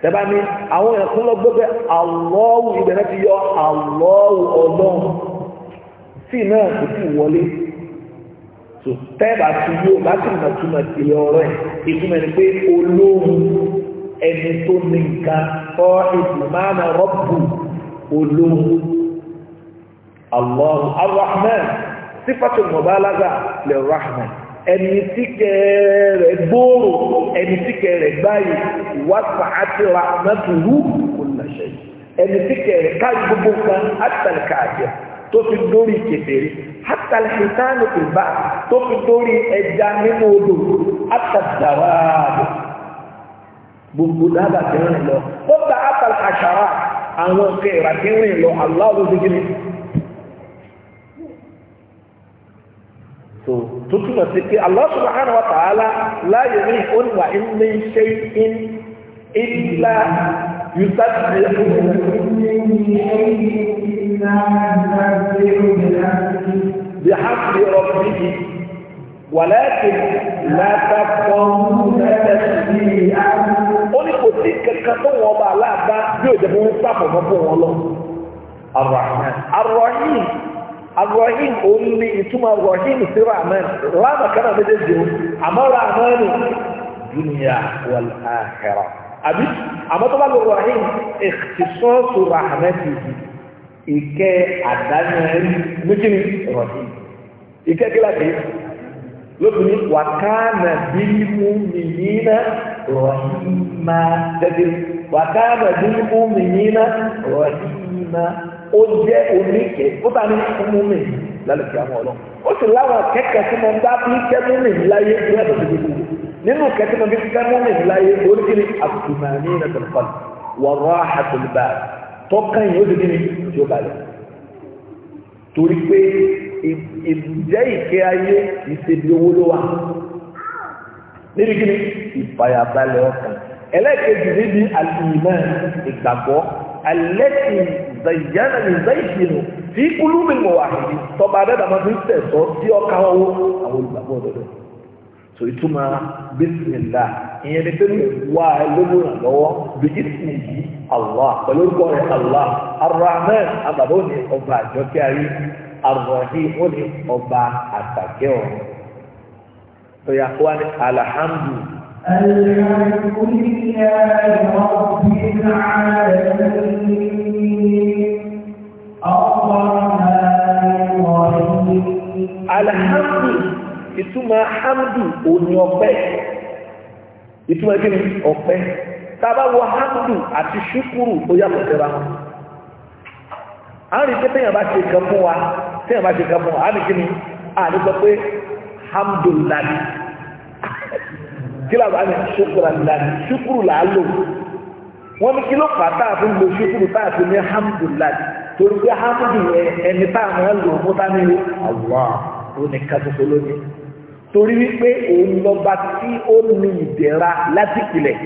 tẹ́bá ní àwọn èèyàn kún lọ gbọ́gbẹ́ àlọ́wù ibẹ̀ náà ti yọ àlọ́wù ọlọ́run tí náà kò tí wọlé tó tẹ́bà tí yóò láti ìmọ̀ túmọ̀ ti yọ ọ̀rọ̀ ẹ̀ ìtumọ̀ ni pé olóhùn ẹni tó ní nǹkan kọ́ ìdùnmáàmà rọ́pù olóhùn àlọ́run arahman sífàtò mọ̀bálágà lè rahman ẹni tí kẹ̀ẹ́ rẹ̀ gbòòrò ẹni tí kẹ̀ẹ́ rẹ̀ gbáyé ìwáfà àti ràmẹ́tòlú olùlàṣẹ ẹni tí kẹ̀ẹ́ rẹ̀ káyọ̀ gbogbo nǹkan àtàlùkà àjẹ tó fi dórí kẹfẹ́rí àtàlùkìtánù ìbá tó fi dórí ẹja nínú odò àtàdàwàbò gbogbo dábàá ti lọ ó ta àtàlùkà ṣàrà àwọn kẹ̀ẹ́rà ti rìn lọ aláwọ̀ gbogbo tó tó túmọ̀ sí pé Allah subhanahu wa ta'ala la yumihun wa in min shay'in illa yusabbihu bihamdi rabbih ولكن لا تفهمون تسبيحا ó ní kò sí kankan tó wọn bá aláàbá bí òjò fún sábà fún wọn lọ. Ar-Rahman Ar-Rahim arrahim òun ni ìtumọ̀ rahim sí rahman rahman kan náà méjèèjì o àmọ́ rahman dunya wal akhirah àbí àmọ́ tó bá lọ rahim ikhtisasu rahmatihi ìkẹ́ àdáyẹn méjìlí rahim ìkẹ́ kí láti lóbìnrin wà kánà bímú mìíràn rahima tẹ́tí wà kánà bímú mìíràn rahima ó jẹ́ oníkẹ́ ó bá ní múmi lálùkí àwọn ọlọ́ ó sì láwọn kẹ́kẹ́ tí mo bá fi kẹ́ múmi láyé ní ẹ̀dọ̀ tó dúdú nínú kẹ́kẹ́ mo fi kẹ́ múmi láyé oríkìrì àtùmáàní nàtàlùkọ́lù wọ̀rọ̀ àtùlùbà tọ́kàn yìí ó di kíni tí ó balẹ̀ torí pé ìbùjẹ́ ìkẹ́ ayé ìṣèlú owó ló wà níbi kíni ìfàyàbalẹ̀ ọkàn ẹlẹ́kẹ̀jì níbi zayyana ni zayyinu fi kulu mi mọ̀ wàhìí tọba adẹ́dà máa fi tẹ̀sọ́ sí ọkà owó àwọn olùgbàgbọ́ òdodo so ituma bisimilá ìyẹn ni pé wà á lórí ìrànlọ́wọ́ bíjísìmì yìí allah pẹ̀lú orúkọ rẹ̀ allah arahman abàbọ̀ ni ọba àjọkẹ́ ayé arahim ó ní ọba àtàkẹ́ ọ̀run tó yà kó wá ní alhamdu. alhamdulillahi rabbil alamin alhamdu ìtumọ̀ hamdu òní ọpẹ́ ìtumọ̀ kí ni ọpẹ́ tàbá wọ hamdu àti ṣúkúrù ó yàtọ̀ síra wọn a rí pé téèyàn bá ṣe kan fún wa téèyàn bá ṣe kan fún wa a rí kí ni a rí sọ pé hamdulillah kí làwọn àmì ṣúkúrù làálò wọ́n ní kí ló fà tá a fi ń lo ṣukuru tá a fi ní hamdulilayi torí pé hamdu ẹni tá a máa ń lò fún tá a ní Allah ó ní ká lónìí torí wípé òun lọ́ba tí ó ní ìdẹ̀ra láti ìpìlẹ̀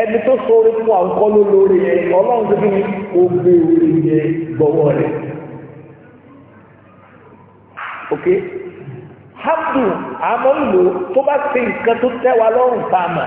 ẹni tó sọ̀rọ̀ fún àwọn lórí yẹn ọlọ́run tó fi ó gbé orí yẹn gbọ́wọ́ rẹ̀ ok hamdu àmọ́ ń lò tó bá ṣe nǹkan tó tẹ́ wa lọ́rùn tá a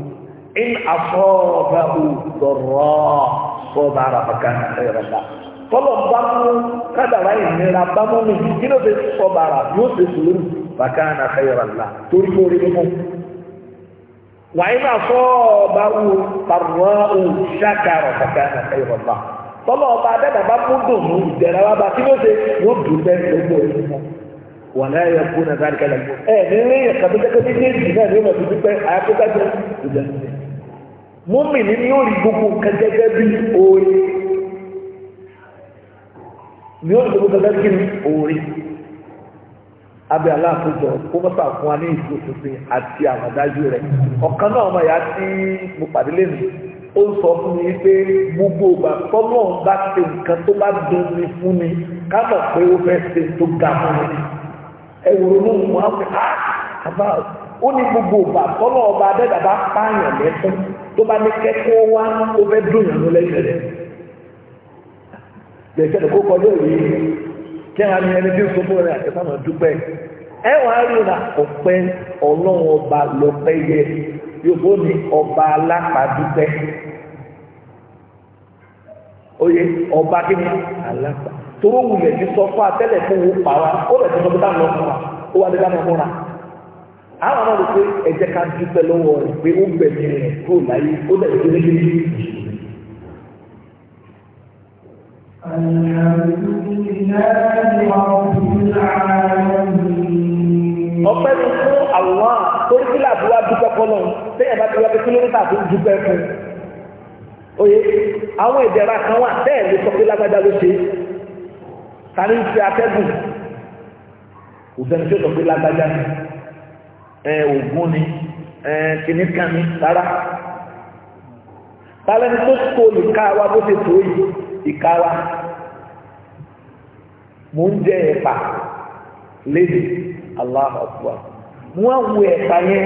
in asọ́ọ̀bẹ̀hù dọ̀rọ̀ sọ́ọ̀bà àràbàkà ẹ̀rọ̀bà tọ́lọ̀ bá mú kádàrá ìnira bá mú mi kí ló fi sọ́ọ̀bà àrà yóò fi sùúrù bàkà nà ẹ̀rọ̀bà torí kó rí mú. wàá iná sọ́ọ̀bẹ̀hù tàrọ̀ òṣàkàrọ̀ bàkà nà ẹ̀rọ̀bà tọ́lọ̀ ọba adẹ́dàbà mú dùn ìdẹ̀rẹ̀ wá bá kí ló fi yóò dùn bẹ́ẹ̀ lọ́gbọ̀ọ́ wàlẹ́ yẹ kó na sáré kẹlẹ́ mọ́. ẹ ní ní kàtúkẹ́kẹ́ méjèèjì náà ní ọmọ tuntun pẹ́ àyàkótájọ ìjà sílẹ̀. mọ́mì ní ní yóò rí gbogbo kẹ́kẹ́kẹ́ bí oore ní yóò rí gbogbo kẹ́kẹ́kẹ́ bí oore. abẹ́ aláàkójọ kó mọ́tà fún wa ní ìfòsòfin àti àmàdájú rẹ̀ ọ̀kan náà ọmọ ìyá tí mo pàdé lẹ́nu ó sọ fún mi pé gbogbo ìgbà tọ́lọ́ bá ṣe nǹkan tó bá dùn mí fún mi ká mọ̀ pé ó fẹ́ ṣe tó ga fún mi. ẹ̀wòrò mú mu àpè á ah, ó ní gbogbo ọba tọ́lọ̀ ọba adẹ́dà bá pààyàn lẹ́kún tó bá ní kẹ́kọ́ wá ó fẹ́ dùn yàn lẹ́yìn rẹ̀ lẹ́kẹ́ lẹ́kọ́ kọjú òye kí bí náà ẹ wàá rí ọlọ́run ọba lọ́pẹ́ yẹ ọba alápàdúpẹ́ ọba toró wulẹ̀ ní sọ fún atẹ́lẹ̀ fún wo pa wa ó lẹ̀ tọ́jú bá lọ fún wa ó wà nígbà máa múra àwọn ọmọ rẹ pé ẹ jẹ́ ká dúpẹ́ lọ́wọ́ rẹ pé ó gbẹ̀mí rẹ kúrò láyé ó lẹ̀ tó léyé ní ọpẹ́ mi fún àwọn torí kí làbúwá dúpẹ́ fọlọ́ sẹ́yìn bá ti wá pé kílómítà tó dúpẹ́ fún oye àwọn ìdẹ̀ra kan wà bẹ́ẹ̀ lè sọ pé ló ṣe tani ń fi atẹ́gùn kò sẹ́ni tó sọ pé lágbájá ni ẹ ògùn ni ẹ kìnnìkan ni rárá talẹ́ni tó kó ìka wa bó ṣe tó yìí ìka wa mò ń jẹ ẹ̀pà lédè Allahu Akbar mo á wo ẹ̀pà yẹn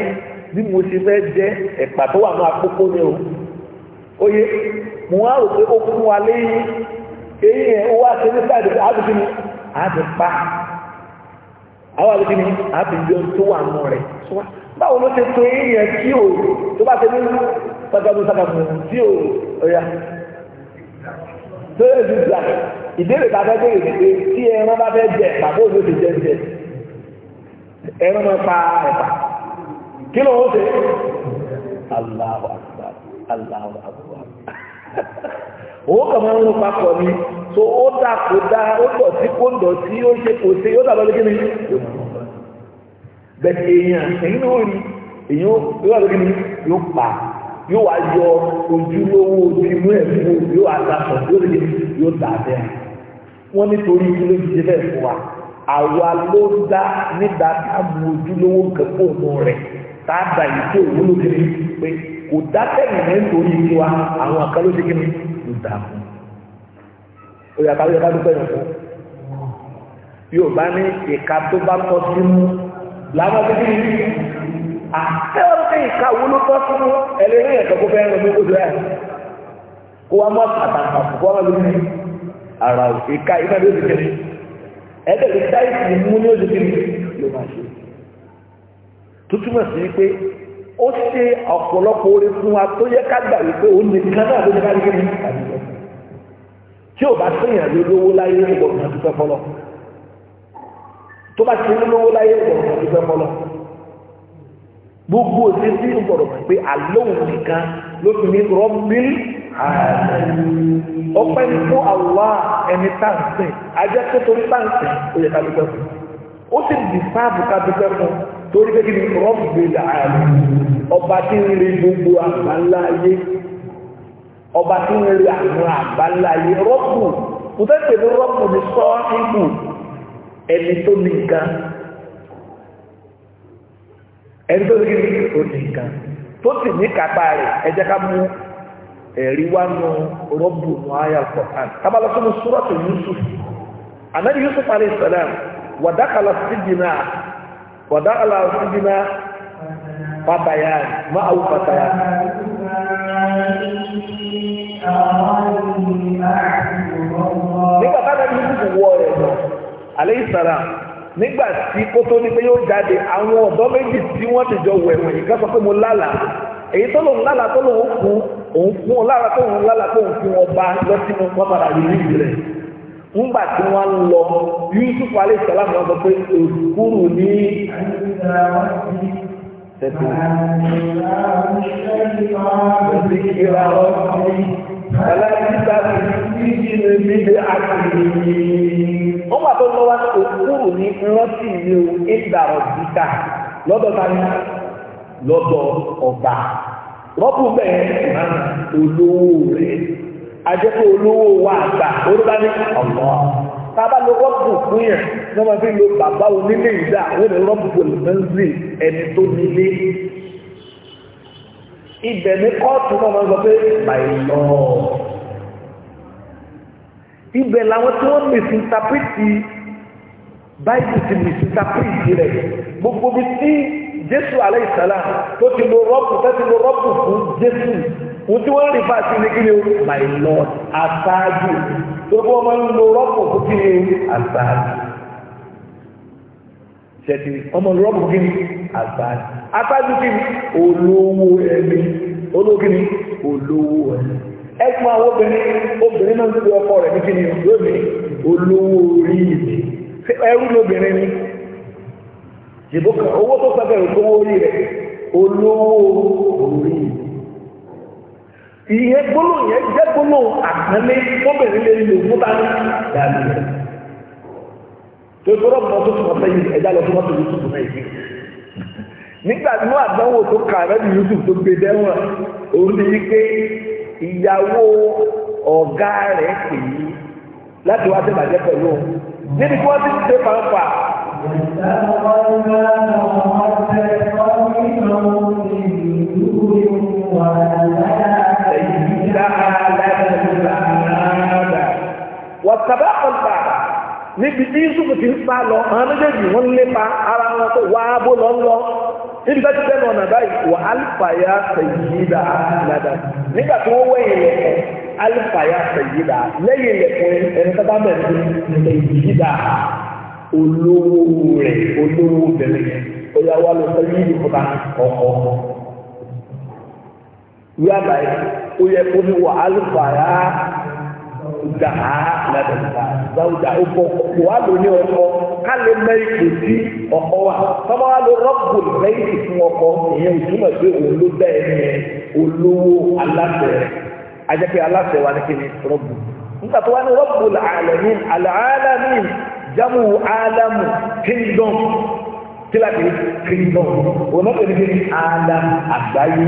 bí mo ṣe fẹ́ jẹ ẹ̀pà tó wà ní àkókò ni o ó yẹ mo á rò pé ó fún wa léyìn. èyí yẹn ó wá sí ní sáàdì àbùkù ni àbí pa àwọn àbùkù ni àbí yọ tó wà nù rẹ̀ báwo ló ti tó èyí yẹn tí o tó bá ti ní sàgàbù sàgàbù tí o ọ̀yà tó yẹ ju gbà ìbéèrè bá fẹ́ béèrè pé tí ẹran bá fẹ́ jẹ bàbá òun ló ti jẹ jẹ ẹran máa pa kí ló ń ṣe owó kan máa ń lò papọ̀ ni tó ó dà kó dá ó pọ̀ sí kó ń dọ̀tí ó ṣe ṣe ó bẹ́ẹ̀ èèyàn èyí rí èyí ó yóò pa yóò wá yọ ojúlówó ojúmú ẹ̀ yóò àtàkùn yóò lè yóò dà bẹ́ẹ̀ wọ́n ilé ìdílé bẹ́ẹ̀ fún wa àwa ló ń dá a mú ojúlówó kò dákẹ́ ìrìn nítorí tiwa àwọn àkàlò ṣe kíni ló dà fún un oyè àkàlò yẹ ká dúpẹ́ yẹn fún yóò bá ní ìka tó bá tọ́ sí mú làwọn tó kí ni àtẹ́wọ́n ṣe ìka wo ló tọ́ sí mú ẹlẹ́rìí ẹ̀kọ́ kó fẹ́ràn mi kó tó kó wá mú àtàkà kó wá lórí ara ìka iná ló ti kíni ẹ̀ẹ́dẹ̀ ló mú ní oṣù kíni ló máa ṣe tó túmọ̀ sí pé ó ṣe ọ̀pọ̀lọpọ̀ oore fún wa tó yẹ ká gbà wípé òun nìkan náà ló ní ká rí kí tí ò bá sèyàn ló lówó láyé ìgbọ̀n náà dúpẹ́ fọlọ́ tó bá ti lówó láyé ìgbọ̀n náà dúpẹ́ fọlọ́ gbogbo òsè sí ìgbọ̀rọ̀ mọ̀ pé àlóhùn nìkan ló fi ní rọ́bí ọpẹ́ ní fún àwòrán ẹni táǹsìn ajẹ́ tó torí táǹsìn ó yẹ ká dúpẹ́ fún ó sì dì sáàbù ká dúpẹ́ fún torí pé kí ni rọ́bìlì ààrẹ ọba tí ń rí gbogbo àgbáńlá ayé ọba tí ń rí àwọn àgbáńlá ayé rọ́bù kò tẹ́tẹ̀ ní rọ́bù ní sọ́ọ́nù ẹni tó ní nǹkan ẹni tó ní kí ní nǹkan tó sì ní kápá rẹ̀ ẹ ká mú ẹ̀rí wá nu rọ́bù nù ayà kọ̀ọ̀kan tábàlọ́ tó súrọ́tù Yusuf ànábì Yusuf alayhi salam wàdákàlà sídìí náà. وضع على أصحابنا فتيان ما أو فتيان nígbà táwọn wọ ẹ lọ alẹ́ ìsàrà nígbà tí kótó ní pé yóò jáde àwọn ọ̀dọ́ méjì tí wọ́n ti jọ wẹ̀ wẹ̀ nǹkan sọ pé mo lálàá èyí tó lòun lálàá tó lòun fún òun fún òun lára tó lálàá tó fún ọba ńgbà tí wọ́n ń lọ Yusuf alayhi salam wọ́n sọ pé òkúrù ní tẹ̀sí tẹ̀sí ìra ọ̀sìn aláìsíta ti ti ṣe níbi àkìrí. wọ́n gbà tó lọ́wọ́ òkúrù ní rántí ní o ìgbà ọ̀dìkà lọ́dọ̀ ta lọ́dọ̀ ọba rọ́pù bẹ́ẹ̀ olówó rẹ̀ àjẹpọ̀ olówó wa àgbà olúbá ní ọ̀pọ̀ tábà ló rọ́pù fún yẹn ní wọ́n fi lo bàbá onílé ìdá wọ́n lè rọ́pù pẹ̀lú mẹ́sì ẹni tó nílé ibẹ̀ ní kóòtù náà máa ń sọ pé bàìlọ́ ibẹ̀ làwọn tí wọ́n mìsìntàpìtì báyìí ti mìsìntàpìtì rẹ̀ gbogbo bí tí jésù aláìsàlá tó ti lo rọ́pù tó ti lo rọ́pù fún jésù mo tí wọ́n rí bá sí ní kíni o my lord aṣáájú tó bọ́ ọmọ ń lo rọ́pò fún kíni aṣáájú ṣẹ̀tì ọmọ rọ́pò fún kíni aṣáájú aṣáájú kíni olówó ẹni olówó kíni olówó ẹni ẹkùn àwọn obìnrin obìnrin náà ń fi ọkọ rẹ̀ ní kíni lónìí olówó orí ìdí ẹrú lóbìnrin ni ìbùkún owó tó sọ bẹ̀rù owó orí rẹ̀ olówó orí ìdí ìyẹn gbólóhùn yẹn jẹ́ gbólóhùn àkànlé obìnrin lè lò fún ta ní ìdàlù rẹ̀ tó tọrọ mọ tó tún ọ̀sẹ̀ yìí ẹ̀dá lọ fún ọ̀sẹ̀ Yusuf náà yìí nígbà tí wọ́n àdánwò tó kà rẹ́bí Yusuf tó gbé dẹ́wọ̀n òun ni wípé ìyàwó ọ̀gá rẹ̀ pè é láti wá sẹ́bàjẹ́ pẹ̀lú òun níbi tí wọ́n ti ṣe pàǹpà. Ìjọba ọ̀gá ọ̀gá ọ̀gá wàtàbà ọ̀gbà níbi tí Yusuf ti ń pa lọ àwọn méjèèjì wọn lépa ara wọn tó wá bó lọ lọ níbi tó ti alifaya sèyídà ládà nígbà tí wọ́n wẹ̀yìn lẹ̀kọ́ alifaya sèyídà lẹ́yìn lẹ̀kọ́ ẹni sèyídà olówó olówó ó yà wà lọ ó yẹ kó ní wà alifaya. zawuda ha ladada zawuda ọkọ kò wá lò ní ọkọ kálí mẹ́rin kò sí ọkọ wa sọmọ wa lò rọ́bù mẹ́rin fún ọkọ ìyẹn ìtumọ̀ pé òun ló bẹ́ẹ̀ ni olówó aláṣẹ ajẹ́pẹ́ aláṣẹ wa ní kíni rọ́bù nígbà tó wá ní rọ́bù alẹ́mí alẹ́mí jamu alamu kingdom kílàdé kingdom òun náà pè alamu àgbáyé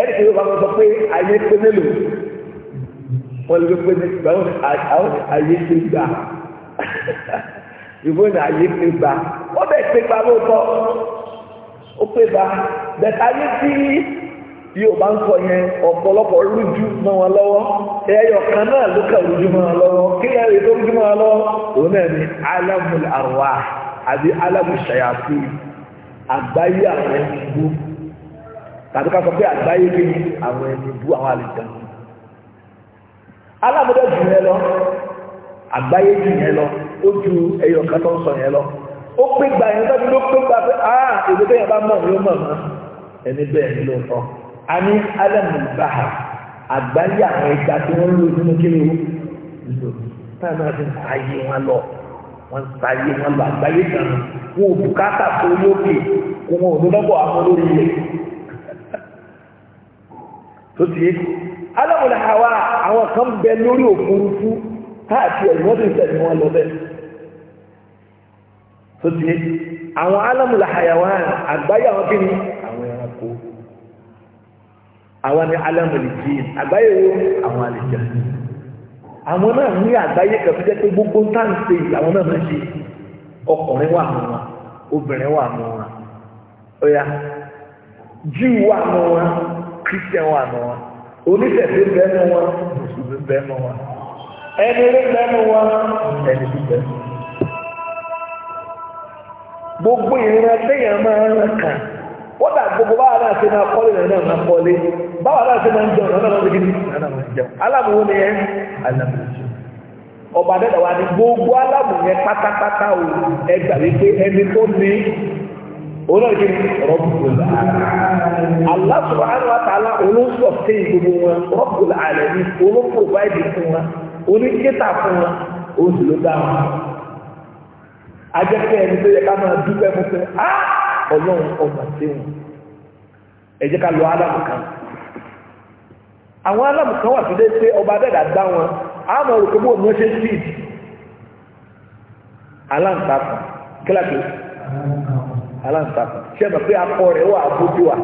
ẹ̀rí kí bá wọn sọ pé ayé pé mélòó wọ́n lè gbé pé báwo ni ayé ti gbà ìbò ní ayé ti gbà ó bẹ̀ ti gbà lóòótọ́ ó pé bá bẹ̀tẹ̀ ayé tí yóò bá ń sọ yẹn ọ̀pọ̀lọpọ̀ rújú mọ́ wọn lọ́wọ́ ẹyọ kan náà ló kà rújú mọ́ wọn lọ́wọ́ kí ẹ rí tó rújú mọ́ wọn lọ́wọ́ òun náà ni alamul arwa àbí alamul ṣayàfi àgbáyé àwọn ẹni bú tàbí ká sọ pé àgbáyé kejì àwọn ẹni bú àwọn àlejò ala jù yẹn lọ àgbáyé jù yẹn lọ ó ju ẹyọ kan sọ yẹn lọ ó pé gba yẹn tó ló pé gba pé èdè ẹni bẹ́ẹ̀ ni ló a ní alámúdá àgbáyé àwọn ẹja tí lò nínú kiri lò náà ti wọn lọ wọn sáyé wọn lọ kan wọn ò tó wọn aláwòlá àwa àwọn kan bẹ lórí òfurufú káàkiri ẹ̀yìn wọ́n ti sẹ̀ ní wọn lọ bẹ́ẹ̀ tó ti àwọn alámùlá àyàwá àgbáyé àwọn kí ni àwọn ẹranko àwọn ni alámùlá jí àgbáyé wo àwọn àlejò àwọn náà ní àgbáyé kan pé gbogbo táǹsì àwọn náà ń ṣe ọkùnrin wà mọ́ wọn obìnrin wà mọ́ wọn ó jíù wà mọ́ wọn kírísítẹ̀ wà mọ́ wọn. oníṣẹ̀ṣẹ̀ bẹ́ẹ̀nu wọn mùsùlùmí gbogbo ìran téèyàn máa ń kà gbogbo báwa náà ṣe máa kọ́lé rẹ̀ náà máa kọ́lé báwa náà ṣe máa ń jẹun náà máa náà máa ń jẹun ni ẹ alámùú ọba da wa ni gbogbo alámùú yẹn pátápátá o ẹgbàá wípé ẹni tó ní olóògì rọ́bùkùn àlẹ́ Allah subhanahu wa ta'ala olóńsọ̀ sẹ́yìn gbogbo wọn rọ́bùkùn àlẹ́ ní olóńpòváìdì fún wọn fún wọn oṣù ló ajẹ́pẹ́ ẹni tó yẹ ká máa dúpẹ́ fún pé á ọlọ́run ọmọ sẹ́wọ̀n ẹ jẹ́ ká lọ álámù kan. àwọn álámù kan wà sílé pé ọba dá wọn bó ṣe sí aláǹtakùn ṣé ẹ mọ̀ pé akọ rẹ̀ wà àbójú wa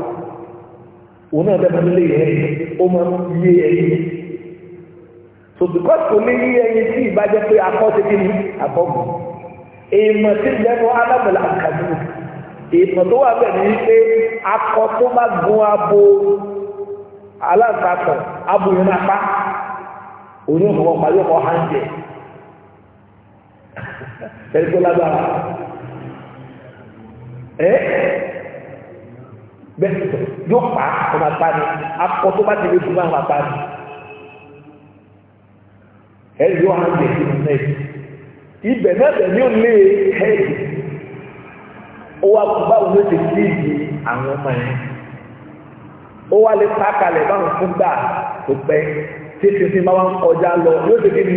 òun náà bẹ́ẹ̀ máa ń lé ẹyin ó máa ń yé ẹyin sòtùkọ́sì kò ní yé ẹyin tí ìbàjẹ́ pé akọ ti kí ni àbọ̀gùn èèmọ̀ tí ń lẹ́nu alábẹ̀lẹ̀ àkàdù èèmọ̀ tó wà bẹ́ẹ̀ ni pé akọ tó bá gun abo aláǹtakùn abo yẹn náà pa òun yóò fọwọ́ pa yóò fọ hàn jẹ ẹ̀rí tó lágbára ẹ́ bẹ́ẹ̀ sọ̀tọ̀ yóò pa ọmọ apá ni akọ tó bá ti lè dùn àwọn apá ni ẹ yóò hàn jẹ ìlú náà ibẹ̀ náà bẹ̀ ni ó lé ẹ̀ẹ́dì ó wá kú báwo ló ti sí ìdí àwọn ọmọ yẹn ó wá lè pa kalẹ̀ báwọn fún gbà tó pẹ́ tí títí bá wọn kọjá lọ yóò ti kí ni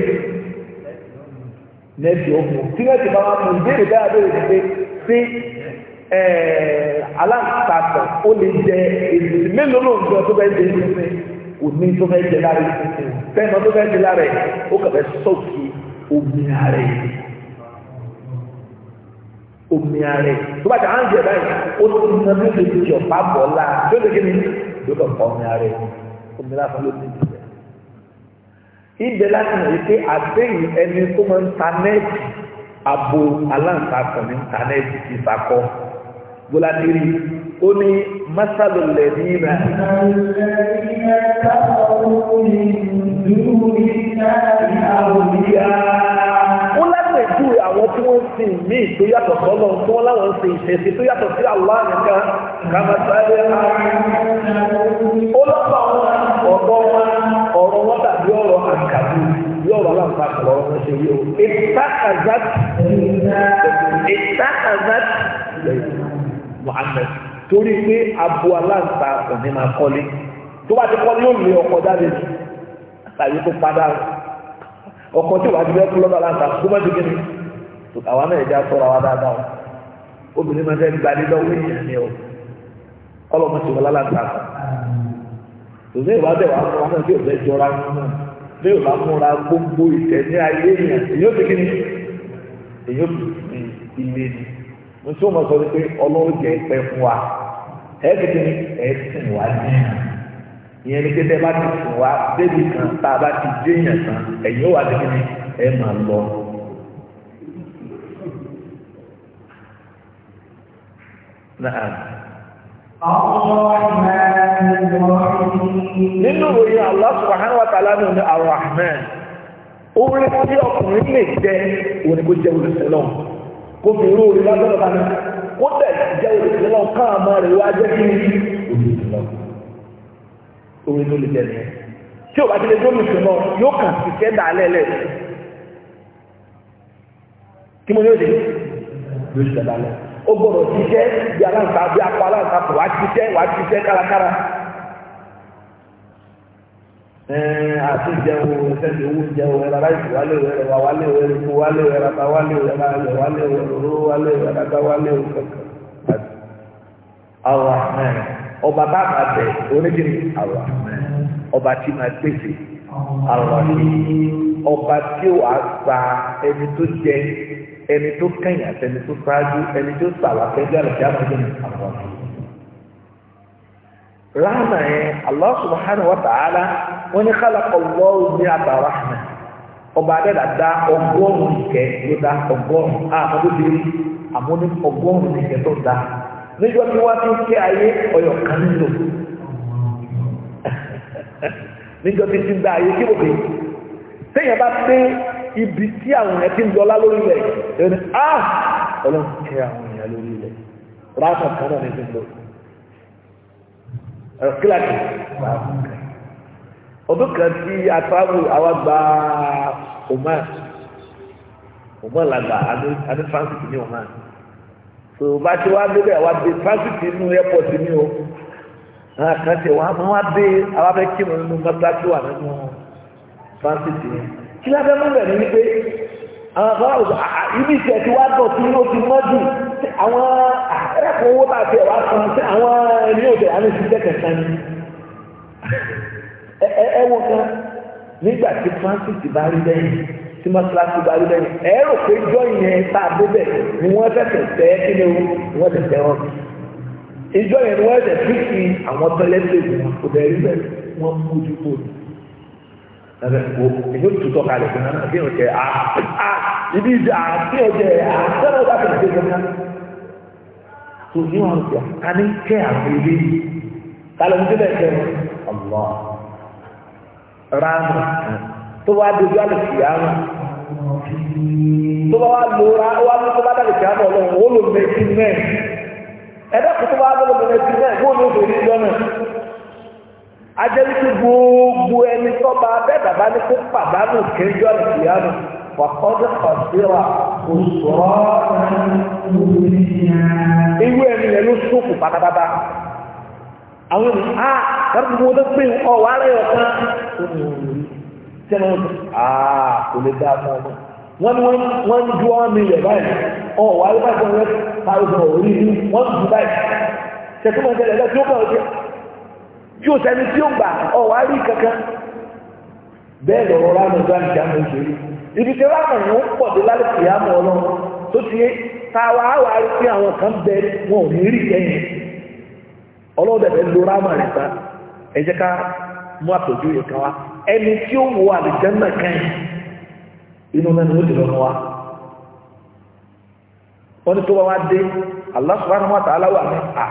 nẹ́ẹ̀tì ó mú tí nẹ́ẹ̀tì bá wọn mú ìbéèrè bẹ́ẹ̀ abẹ́rẹ́ ti pé sí. Eh, aláǹtakùn ó lè jẹ èsì mélòó ló ń jọ tó bẹ́ẹ̀ jẹ èsì kò ní tó bẹ́ẹ̀ jẹ lára èsì bẹ́ẹ̀ náà tó bẹ́ẹ̀ jẹ lára ẹ̀ ó kàfẹ́ sọ́ọ̀kì omi ààrẹ omi ààrẹ tó bá ti à ń jẹ báyìí ó ti nà bí ó lè fi ọ̀pá bọ̀ la tó lè kéde yóò kàn fọ omi ààrẹ omi láfa ló ti jẹ ibẹ̀ láti mọ̀ wípé àdéhùn ẹni tó máa ń ta nẹ́ẹ̀tì abo aláǹtakùn ní ta nẹ́ẹ̀tì ti sakọ́ bùlátìrì ó ní masalu lẹ́dínà. ó lápẹ̀jú àwọn tí wọ́n sìn mí tó yàtọ̀ sọ́lọ́ tí wọ́n láwọn sìn ìṣẹ̀sìn tó yàtọ̀ sí Allah nìkan kàmásáré ó lọ́pọ̀ àwọn ọ̀dọ́ wọn ọ̀rọ̀ wọn dàbí ọ̀rọ̀ àǹkàbí yọ̀rọ̀ aláǹfà kọ̀ọ̀rọ̀ wọn ṣe yé o. ìtàkàzá ìtàkàzá. Muhammed torí pé abo aláǹta kò ní máa kọ́lé tó bá ti kọ́lé yóò lé ọkọ̀ jáde tàbí tó padà ọkọ̀ tí wàá ti fẹ́ kú lọ́dọ̀ aláǹta kó má ti kéde àwa náà ẹ̀jẹ̀ àtọ́ra wa dáadáa o obìnrin máa fẹ́ gbalé lọ́wọ́ èèyàn ni o ọlọ́mọ ti wọ lálàǹta kọ́ tòun ìwà bẹ̀ wà fún wa náà tí ò fẹ́ jọra wọn náà múra gbogbo ìtẹ̀ ní ayé èèyàn èèyàn ti mo tún mọ̀ sọ wípé ọlọ́run jẹ́ fún wa ẹ̀ẹ́dẹ̀gbẹ́ ni ẹ̀sìn wa ní ìyẹn ní pé ti sùn wá débi kan tá a ti dé yàn kan ẹ̀yìn wà débi ni ẹ̀ máa lọ. Nínú ìròyìn Allah subhanahu wa ta'ala ní Ar-Rahman, orí tí ọkùnrin lè jẹ́ òun ni kò jẹ́ olùsẹ́lọ́wọ́. kó fi irú orí lásán kan kó tẹ̀ jẹ́ olùsìn náà ká àmọ́ rẹ̀ wá jẹ́ kí olùsìn náà orí ló lè jẹ́ nìyẹn tí o bá ti lè náà yóò kàn sí kí mo yóò bí bí kò wá wá kárakára. Eh, àti ìjẹun ìfẹ́sẹ̀ owó ìjẹun ẹ̀rọ aláìsí wálé ìwẹ̀rẹ̀ wà wálé ìwẹ̀rẹ̀ kú wálé ìwẹ̀rẹ̀ ta wálé ìwẹ̀rẹ̀ alẹ̀ wálé ìwẹ̀rẹ̀ owó wálé ìwẹ̀rẹ̀ ata wálé ìwẹ̀rẹ̀ àwà ọba bá bá bẹ oníkiri àwà ọba tí máa pèsè àwà ni ọba tí ó wà gba ẹni tó jẹ ẹni tó kẹyìn àtẹni tó ṣáájú ẹni tó sàlàkẹjọ àlùkí àmọjọ àwà ni rahma yẹn Allah subhanahu wa ta'ala wọ́n ní kálàkọ̀ lọ́wọ́ ní àbá rahma ọba adẹ́dà dá ọgọ́rùn-ún ìkẹ́ ló dá ọgọ́rùn-ún àmọ́ ah, tó dé àmọ́ ní ọgọ́rùn-ún ìkẹ́ tó dá níjọ́ tí wọ́n ti ń kí ayé ọyọ̀ kan nílò níjọ́ tí ti ń ayé kí ló dé bá dé ibi tí àwọn ẹ̀ ń lọlá lórí rẹ̀ ẹ̀ ní ah ọlọ́run àwọn èèyàn lórí rẹ̀ ráṣà kan náà ní ti ń kílàkì ọdún kan tí a travel àwa gba Oman Oman la gba àní transit ní Oman so bá ti wá débẹ̀ àwa dé transit inú airport ní o àwọn kan tẹ wá máa wá dé àwa fẹ́ kí wọn nínú mọ́tàkì wà nínú transit yẹn kí lábẹ́ mú bẹ̀ ní wípé àwọn kan wà ah, ah, ibi ìṣẹ̀ tí wá dọ̀ tí ó ti mọ́ jù àwọn ẹ̀rẹ́kùn owó bá fi ẹ̀wà san sí àwọn ẹni òjò àmì ìṣiṣẹ́ kẹta ni ẹ wọ kan nígbà tí transit bá rí lẹ́yìn tí mọ́tíláṣí bá rí lẹ́yìn ẹ rò pé jọ yẹn bá a débẹ̀ ni wọ́n fẹ̀sẹ̀ tẹ́ kí ni wọ́n ti tẹ̀ wọ́n ìjọ yẹn ni wọ́n fẹ̀sẹ̀ fi àwọn tọ́lẹ́tì wọn kò dẹ̀ rí bẹ́ẹ̀ wọ́n mójú tó ni ẹbẹ o èyí tutọ́ kalẹ̀ fún mi àti ọjẹ a a ibi ìdí àti ọjẹ a sẹlẹ ọjà tó ti gbẹmí náà tó ní wọn sọ kání kẹ àwọn ilé yìí kálọ ní bẹ́ẹ̀ kẹ ọlọ ránù tó wá dojú àlè fìyà rán tó bá wá lóra wá ní tó bá dàgbé fìyà rán Ọlọ́run ó lò mẹtí mẹ ẹ̀dá kó tó bá lọ mẹtí mẹ kó ló fèrè lọ́nà ajẹ́rí pé gbogbo ẹni tọ́ba abẹ́ bàbá ní kó pàdánù kéjọ́ ìyánu wàkọ́dé kọ̀síra òṣùrọ̀ irú ẹni yẹn ló sókù pátápátá àwọn ènìyàn ah, á kárùkù mo tó pé ọwọ́ ara yọ kan tẹnu àà ah, kò lè dá fún ọmọ wọ́n ní wọ́n ń ju ọmọ ilẹ̀ báyìí ọwọ́ àyíká ìfọwọ́ rẹ̀ pariwo orí wọ́n ń ju báyìí ṣètò mọ̀ ìṣẹ̀lẹ̀ lẹ́tí ó kàn ó jẹ́ tí o sẹni tí ọ rí kankan bẹ́ẹ̀ lọ́rọ̀ lánàá tó àjá mi ṣe ibi tí wọn àmọ wọn pọ̀ dé lálẹ́ kìí àmọ Ọlọ́run tó ti yé ta wà á àwọn kan bẹ wọn ò ní rí ẹ̀yìn Ọlọ́run dẹbẹ lo rámà rẹ ta ẹ jẹ ká mú àpèjú yìí kan ẹni tí ó wọ inú ó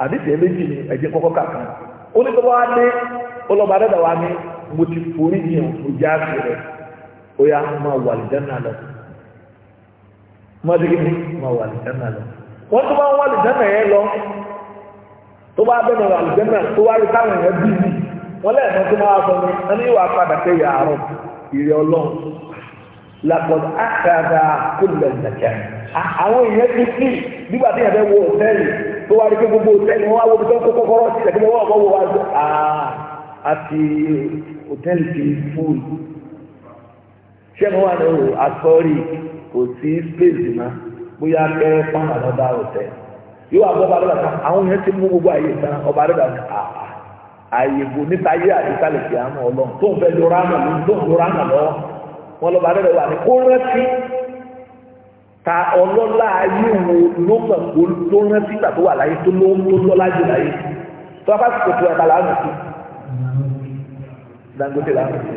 àdìsẹ́ méjì ni ẹ̀jẹ̀ kọ́kọ́ kàkan ó ní tó wá ní ọlọ́ba dẹ́dà wá ní mo ti forí ní ọ̀ mo já sí rẹ̀ ó yá máa wà lè dáná lọ máa dé kíni máa wà lè dáná lọ wọ́n tó bá wà lè dáná yẹn lọ tó bá bẹ́ẹ̀ wà lè dáná tó wá rí táwọn yẹn bí mi wọ́n lẹ́ẹ̀kan tó máa sọ mi wọ́n ní ìwà padà pé yàrá ìrẹ́ ọlọ́run làkọ̀dọ̀ àkàdà kó lè dàkẹ́ àwọn èèyàn ti kí nígbà tí yẹn fẹ́ wọ òtẹ́ẹ̀lì tó wá rí gbogbo òtẹ́ẹ̀lì wọn wá wo tó ń kọ́kọ́rọ́ sí wo wá ti fúl ṣé mo wà ní o kò sí space mọ́ bóyá kẹ́ pàmò lọ́dà òtẹ́ yóò àgbọ̀ ọba àdúrà kan àwọn yẹn ti mú gbogbo àyè tán ọba kan bò níta ayé ọlọ́run tó ń fẹ́ lóra lọ́wọ́ wọn lọ́ba wà ní kó rántí ta ọlọ́lá ayé wo ló mọ̀ kó ló rántí gbà tó wà láyé tó ló ń tó lọ́lá jù láyé tó a bá ti kòtò ẹ̀ka làánù sí Dangote làánù sí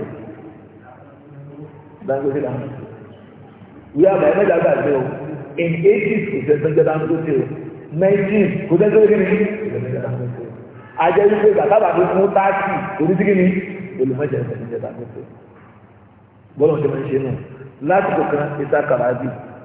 Dangote làánù sí wíyá bàá ẹ̀mẹ́jọ àgbà gbé o in eighties kò sẹ́sẹ́ jẹ́ Dangote o nineteen kò sẹ́sẹ́ jẹ́ kíni ajẹ́ wípé bàbá bàbá fún táàkì oníṣìkí ni olùmọ̀jẹ̀ ẹ̀sẹ̀ Dangote bọ́lá ọ̀jọ̀ máa ń ṣe nù lásìkò kan ìta kàrà bíi.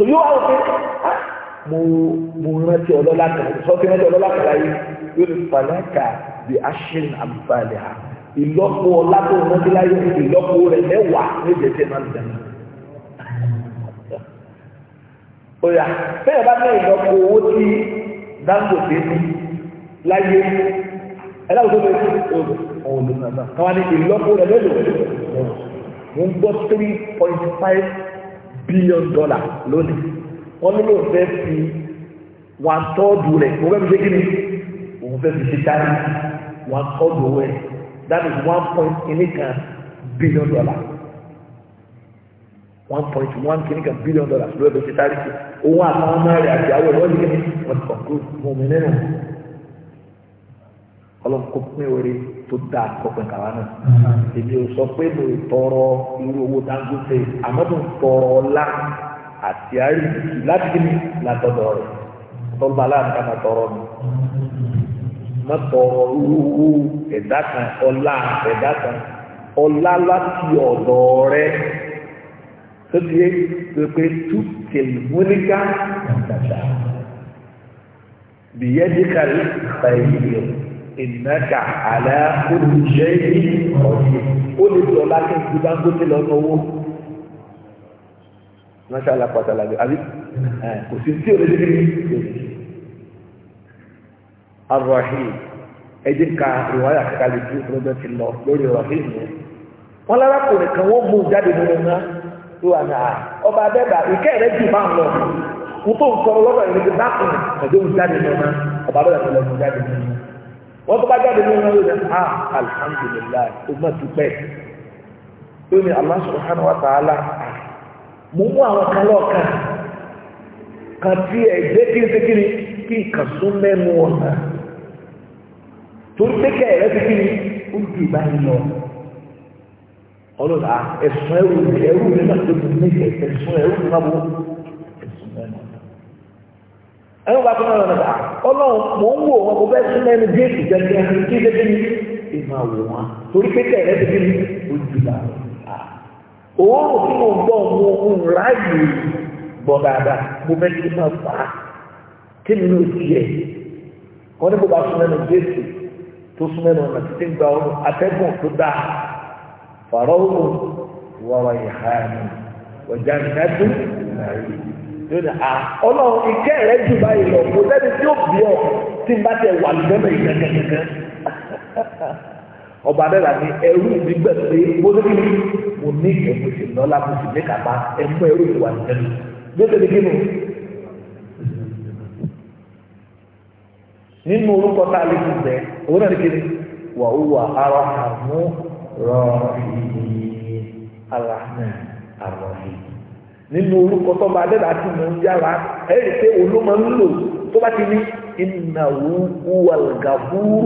so yóò wá wò pé mo mo rántí ọlọ́lá kan sọ pé rántí ọlọ́lá kan láyé yóò lè fàlàkà bí aṣín àbúfàlẹ̀ ha ìlọ́po ọlá tó rántí láyé ìlọ́po rẹ̀ mẹ́wàá méje tẹ̀ máa ń dàgbà. Oya bẹ́ẹ̀ bá mẹ́rin lọ́pọ̀ owó tí Dangote ní láyé ẹ̀dáwó tó lè fi ọ̀rọ̀ ọ̀rọ̀ lọ́pọ̀ rẹ̀ lẹ́lò mo ń gbọ́ three point five billion dollar lónìí wọ́n ní lóun fẹ́ fi one third rẹ̀ òun fẹ́ fi kí ni òun fẹ́ fi ṣe dání one third owó that is one point kìnnìkan billion dollar one point one kìnnìkan billion dollars ló ẹgbẹ́ ṣe dání sí òun àtàwọn ọmọ rẹ̀ àti àwọn ẹ̀rọ yìí wọ́n ti kọ̀ọ̀kú mọ̀mí nínú ọlọ́run kò pín orí tó dáa kọpẹ kàwa náà èmi ò sọ pé mo tọrọ irú owó Dangote àmọ́ mo tọrọ ọlá àti àríyìnbí láti kí ni látọ̀dọ̀ rẹ̀ tọ́ba aláǹkà máa tọrọ mi má tọrọ irú owó ẹ̀dá kan ọlá ẹ̀dá kan ọlá láti ọ̀dọ̀ rẹ̀ tó ti yé pépé tú tèlmúníkà dàda bìyẹ́díkàlì fàyè yìí o ìnáka àlẹ́ olùṣẹ́ yìí ọ̀sẹ̀ ó lè sọ láti ń fi Dangote lọ́nà owó masha Allah pàtàlà bí àbí kò sí tí o lè débi ní arahim ẹdí ka ìwáyà kíkà lè ju ọlọ́dọ̀ ti lọ lórí rahim yẹn wọn lára kò ní kan wọn mú jáde nínú iná tó wà ní ọba abẹ́bà ìkẹ́ rẹ jù máa ń lọ kó tó ń sọ lọ́dọ̀ yìí ní dákùn ẹ̀dọ́ ń jáde nínú iná ọba abẹ́bà ti lọ wọ́n tó bá jáde ní ìran lónìí ah alhamdulilayi o má ti pẹ́ tó ní Allah subhanahu wa ta'ala ah, mo mú àwọn kan lọ́ọ̀kan kan tí ẹ̀ jẹ́ kí n ṣe kí ni kí n kàn sún mẹ́nu ọ̀nà tó ń tẹ́kẹ̀ rẹ ti kí ni ó ń di ìbáyìí lọ ọlọ́dà ah, ẹ̀sùn ẹrù ẹrù mi náà tó ti ní ẹ̀sùn ẹrù mi náà bọ̀. ẹnu bá tó náà lọ́nà bá ọlọ́run mò ń wò wọn kò fẹ́ sún mẹ́nu géètì gẹ́gẹ́ kí ṣe kí ni ìmọ̀ àwò wọn torí pé ojú la òórùn tí mo gbọ́ mo ń ráàyè bọ̀ dáadáa mo fẹ́ fà á kí ni ó ti yẹ wọn ní kó bá géètì tó sún ọ̀nà títí ń gba atẹ́gùn tó dáa yóò dà á ọlọ́run ìkẹ́ rẹ jù báyìí lọ kò sẹ́ni tí ó bí ọ tí n bá tẹ wà lùdẹ́mẹ̀ yìí gẹ́gẹ́gẹ́ ọba adẹ́rà ni ẹrú mi gbẹ̀ pé bóde mi mo ní ẹ̀mú sí lọ́la mo sì ní kàbá ẹ̀mú ẹrú mi wà lùdẹ́mẹ̀ gbèsè ni kí ni nínú orúkọ tá a lè fi bẹ òun náà ni kí ni wà ó wà ara àmú rọrùn àlànà àrọ̀hìn nínú orúkọ tó bá dẹ́gbàá tí mo ń yára ẹ̀rí pé olóma ń lò tó bá ti ní ìnáwó wàlgàfúrú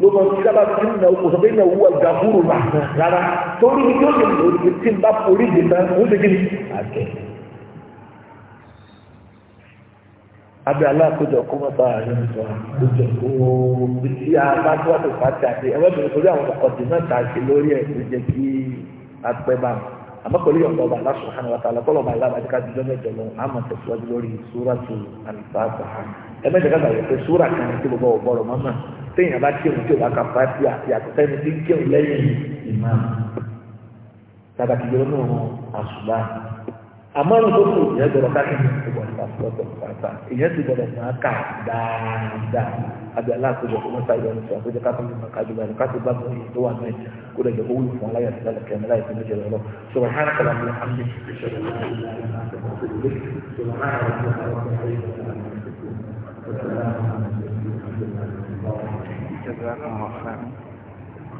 ló máa ń sábà tí ń náwó kò sọ pé ìnáwó wàlgàfúrú rà rárá torí ní kí ó lè lò ó tí ń bá forí dè tán ó lè gbìn àgẹ̀. abẹ́ aláàkójọ kó má bàa rí nǹkan àkójọ kó tí a bá tó wà tó pàtàkì ẹ̀wọ́n bẹ̀rẹ̀ torí àwọn ọ̀dùnmọ́ta ṣe lórí ẹ̀ ló jẹ́ kí apẹ́ bá wọn àmọ́ pẹ̀lú ìyọ̀ǹda ọba Allah subhanahu wa ta'ala kọ́lọ̀ ọba aláàbà ká jíjọ́ mẹ́jọ lọ àmọ́ tẹ̀síwájú lórí súratu al-Fatiha ẹ̀mẹ́jọ ká bàyẹ̀ pé súra kan tí gbogbo ọ̀gbọ́rọ̀ mọ́mọ́ téèyàn bá kírun tí ò bá ka fàáfíà yàtọ̀ sẹ́ni tí kírun lẹ́yìn ìmáàmù tàbátìjọ́ náà àṣùbà àmọ́ ní tó kù ìyẹn gbọ́dọ̀ káàkiri ní ìgbọ̀n pàṣípọ̀tọ̀ pàṣà ìyẹn ti gbọ́dọ̀ máa kà dáadáa àbí aláàkójọ kó mọ́ta ìyọnu sọ àkójọ káàkiri ní kájú báyìí káàkiri bá tó yẹ tó wà náà kó dẹ̀jọ́ kó wúlò fún aláyà sí lálẹ́ kẹrin láì fi méjì lọ́rọ́ sọ̀rọ̀ hàn kàlà mi hàn mi. جزاكم الله